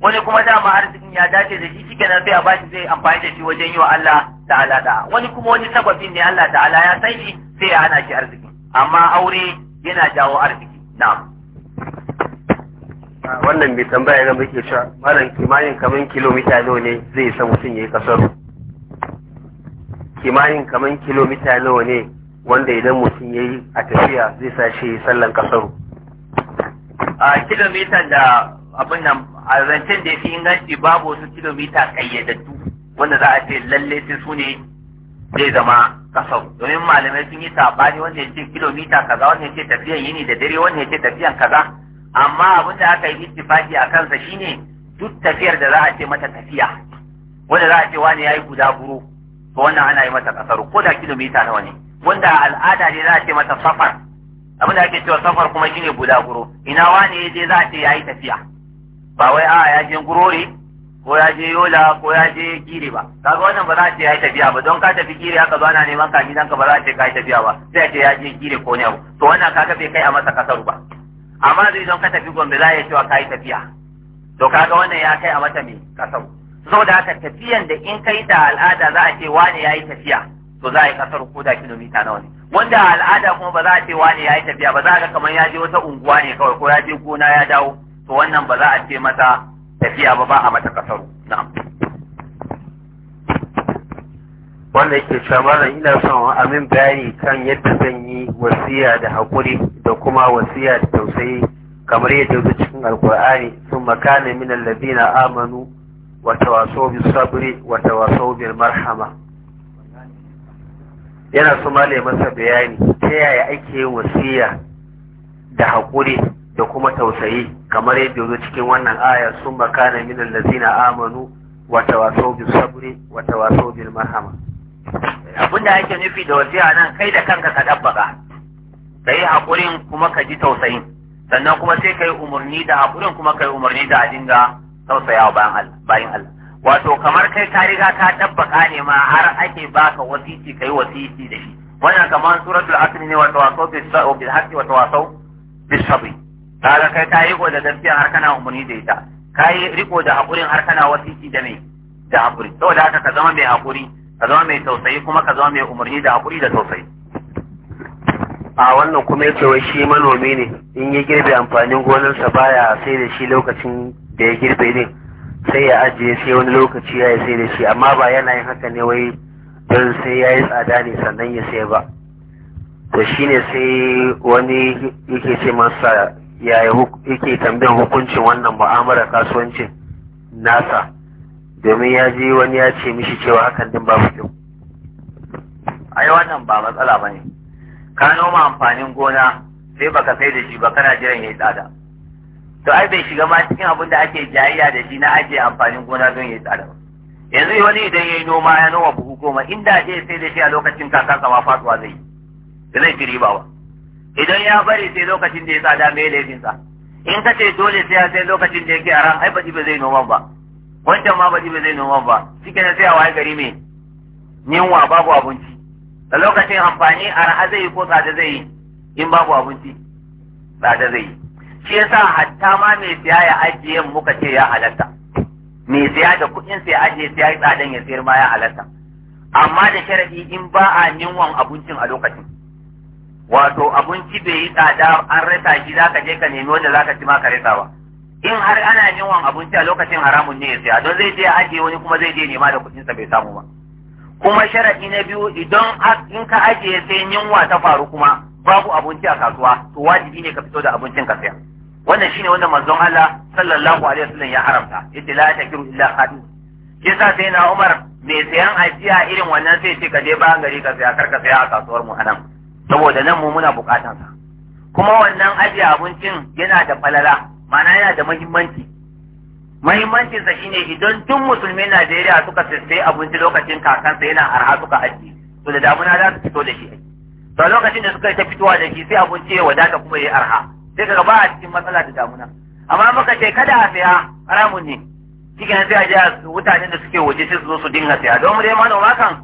wani kuma dama arzikin ya dace da shi shi kenan sai a bashi zai amfani da shi wajen yi wa Allah ta'ala da wani kuma wani sababin ne Allah ta'ala ya san shi sai ya hana shi arziki amma aure yana jawo arziki na'am wannan mai tambaya na muke cewa malam kimanin kaman kilomita nawa ne zai sa mutum ya yi kasaro kimanin kaman kilomita nawa ne wanda idan mutum ya yi a tafiya zai sa shi sallan kasaro a kilomita da abin nan a zancen da ya fi inganci babu wasu kilomita ƙayyadattu wanda za a ce lalle sai su ne zai zama kasau domin malamai sun yi sabani wanda ya ce kilomita kaza wanda ya ce tafiyan yini da dare wanda ya ce tafiyan kaza amma abin da aka yi ittifaki a kansa shine duk tafiyar da za a ce mata tafiya wanda za a ce wani yayi guda buru to wannan ana yi mata kasar ko da kilomita nawa ne wanda al'ada ne za a ce mata safar abin da ake cewa safar kuma shine guda guro ina wani yaje je za a ce yayi tafiya ba wai a ya je gurori ko ya je yola ko ya je kiri ba kaga wannan ba za a ce yayi tafiya ba don ka tafi kiri aka zo ana neman ka gidanka ba za a ce ka yi tafiya ba sai a ce ya je kiri ko ne to wannan kaga bai kai a masa kasar ba amma zai don ka tafi gombe za ya cewa ka yi tafiya to kaga wannan ya kai a mata mai kasau da haka tafiyan da in kai ta al'ada za a ce wani ya yi tafiya to za a yi kasar ko da kilomita nawa ne wanda al'ada kuma ba za a ce wani ya yi tafiya ba za a ga kamar ya je wata unguwa ne kawai ko ya je gona ya dawo to wannan ba za a ce mata tafiya ba ba a mata kasar na'am wanda yake cewa ina son amin bayani kan yadda zan yi wasiya da haƙuri da kuma wasiya da tausayi kamar yadda zuwa cikin alkur'ani sun makana min alladhina amanu wa tawasaw bi sabri wa tawasaw bi marhama yana so malai masa bayani ta yaya ake yin wasiya da haƙuri da kuma tausayi kamar yadda zuwa cikin wannan aya sun makana min alladhina amanu wa tawasaw bi sabri wa tawasaw bi marhama abin da ake nufi da wasiya nan kai da kanka ka dabbaka ka yi haƙurin kuma ka ji tausayin sannan kuma sai ka yi umarni da haƙurin kuma ka yi umarni da a dinga tausayawa bayan Allah wato kamar kai ka riga ka dabbaka ne ma har ake baka wasiti kai wasiti da shi wannan kamar suratul asr ne wa tawasau bil haqqi wato wato bis sabr kaga kai ka riko da gaskiya har kana umarni da ita kai riko da haƙurin har kana wasiti da me da haƙuri saboda haka ka zama mai haƙuri ka zama mai tausayi kuma ka zama mai umarni da haƙuri da tausayi a wannan kuma yake wai shi manomi ne in ya girbe amfanin gonarsa baya sai da shi lokacin da ya girbe ne sai ya ajiye sai wani lokaci ya yi sai da shi amma ba yana yin haka ne wai don sai ya yi tsada ne sannan ya sai ba to shine sai wani yake ce masa yaya yake tambayan hukuncin wannan mu'amalar kasuwancin nasa domin ya je wani ya ce mishi cewa hakan din babu kyau ai wannan ba matsala bane ka noma amfanin gona sai baka sai da shi ba kana jiran yayi tsada to ai bai shiga ma cikin abin da ake jayayya da shi na ajiye amfanin gona don yayi tsada ba yanzu wani idan yayi noma ya noma buhu goma inda zai sai da shi a lokacin kaka kama faduwa zai zai fi ribawa idan ya bari sai lokacin da ya tsada mai laifinsa in ka ce dole sai ya sai lokacin da yake a ran ai ba zai noman ba wancan ma baɗi ba zai noma ba cike na sai a waye gari mai yunwa babu abinci da lokacin amfani araha zai yi ko tsada zai yi in babu abinci tsada zai yi shi yasa hatta ma mai siya ya ajiye muka ce ya halatta mai siya da kuɗin sai ajiye siya ya tsadan ya sayar ma ya halatta amma da sharadi in ba a yunwan abincin a lokacin wato abinci bai yi tsada an rasa shi zaka je ka nemi wanda zaka ci ma ka rasa ba in har ana yawan abinci a lokacin haramun ne ya saya don zai je ajiye wani kuma zai je nema da kudinsa bai samu ba kuma sharadi na biyu idan in ka ajiye sai yunwa ta faru kuma babu abinci a kasuwa to wajibi ne ka fito da abincin ka saya wannan shine wanda manzon Allah sallallahu alaihi wasallam ya haramta yace la takiru illa hadu kisa sai na Umar mai sayan ajiya irin wannan sai ce ka je ba gari ka saya kar ka saya a kasuwar mu anan saboda nan mu muna bukatan sa kuma wannan ajiye abincin yana da falala mana yana da mahimmanci mahimmancin sa shine idan tun Musulmi Najeriya suka sai abinci lokacin kakansa yana arha suka ajiye to da damuna za su fito da shi to lokacin da suka yi ta fitowa da shi sai abinci ya wadata kuma ya arha sai kaga ba a cikin matsala da damuna amma muka ce kada a saya haramun ne cikin sai a je mutanen da suke waje sai su zo su dinga saya don mu dai manoma kan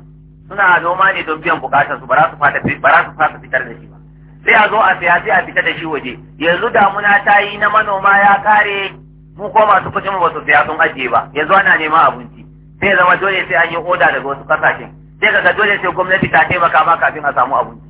suna noma ne don biyan bukatar su ba za su fitar da shi ba sai a zo a siya sai a fita da shi waje yanzu damuna ta yi na manoma ya kare mu ko masu kuɗin ba su siya sun ajiye ba yanzu ana neman abinci sai zama dole sai an yi oda daga wasu kasashen sai kaga dole sai gwamnati ta taimaka ma kafin a samu abinci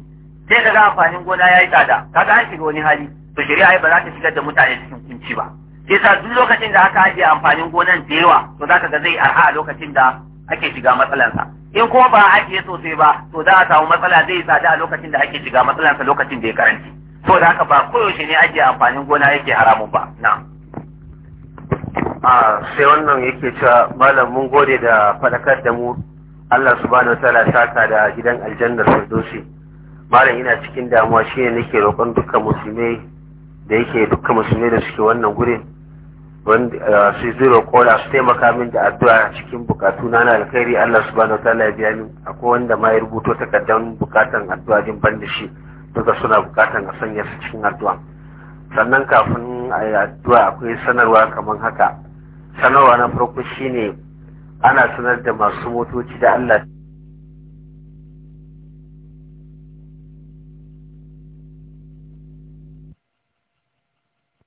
sai kaga amfanin gona ya yi tsada kaga an shiga wani hali to shari'a ba za ta shigar da mutane cikin kunci ba yasa duk lokacin da aka ajiye amfanin gonan da yawa to za ka ga zai arha a lokacin da ake shiga matsalansa in kuma ba a ajiye sosai ba to za a samu matsala zai tsada a lokacin da ake shiga matsalansa lokacin da ya karanci to da haka ba koyaushe ne ajiye amfanin gona yake haramun ba na sai wannan yake cewa malam mun gode da faɗakar da mu Allah subhanahu wataala saka da gidan aljannar firdausi malam ina cikin damuwa shine nake roƙon dukkan musulmai da yake dukkan musulmai da suke wannan gurin wanda su kola su taimaka min da addu'a cikin bukatu na na alkhairi Allah subhanahu wa ta'ala ya biya min akwai wanda ma ya rubuto takardar bukatan addu'a din ban da shi duka suna bukatan a sanya su cikin addu'a sannan kafin a yi addu'a akwai sanarwa kamar haka sanarwa na farko shine ana sanar da masu motoci da Allah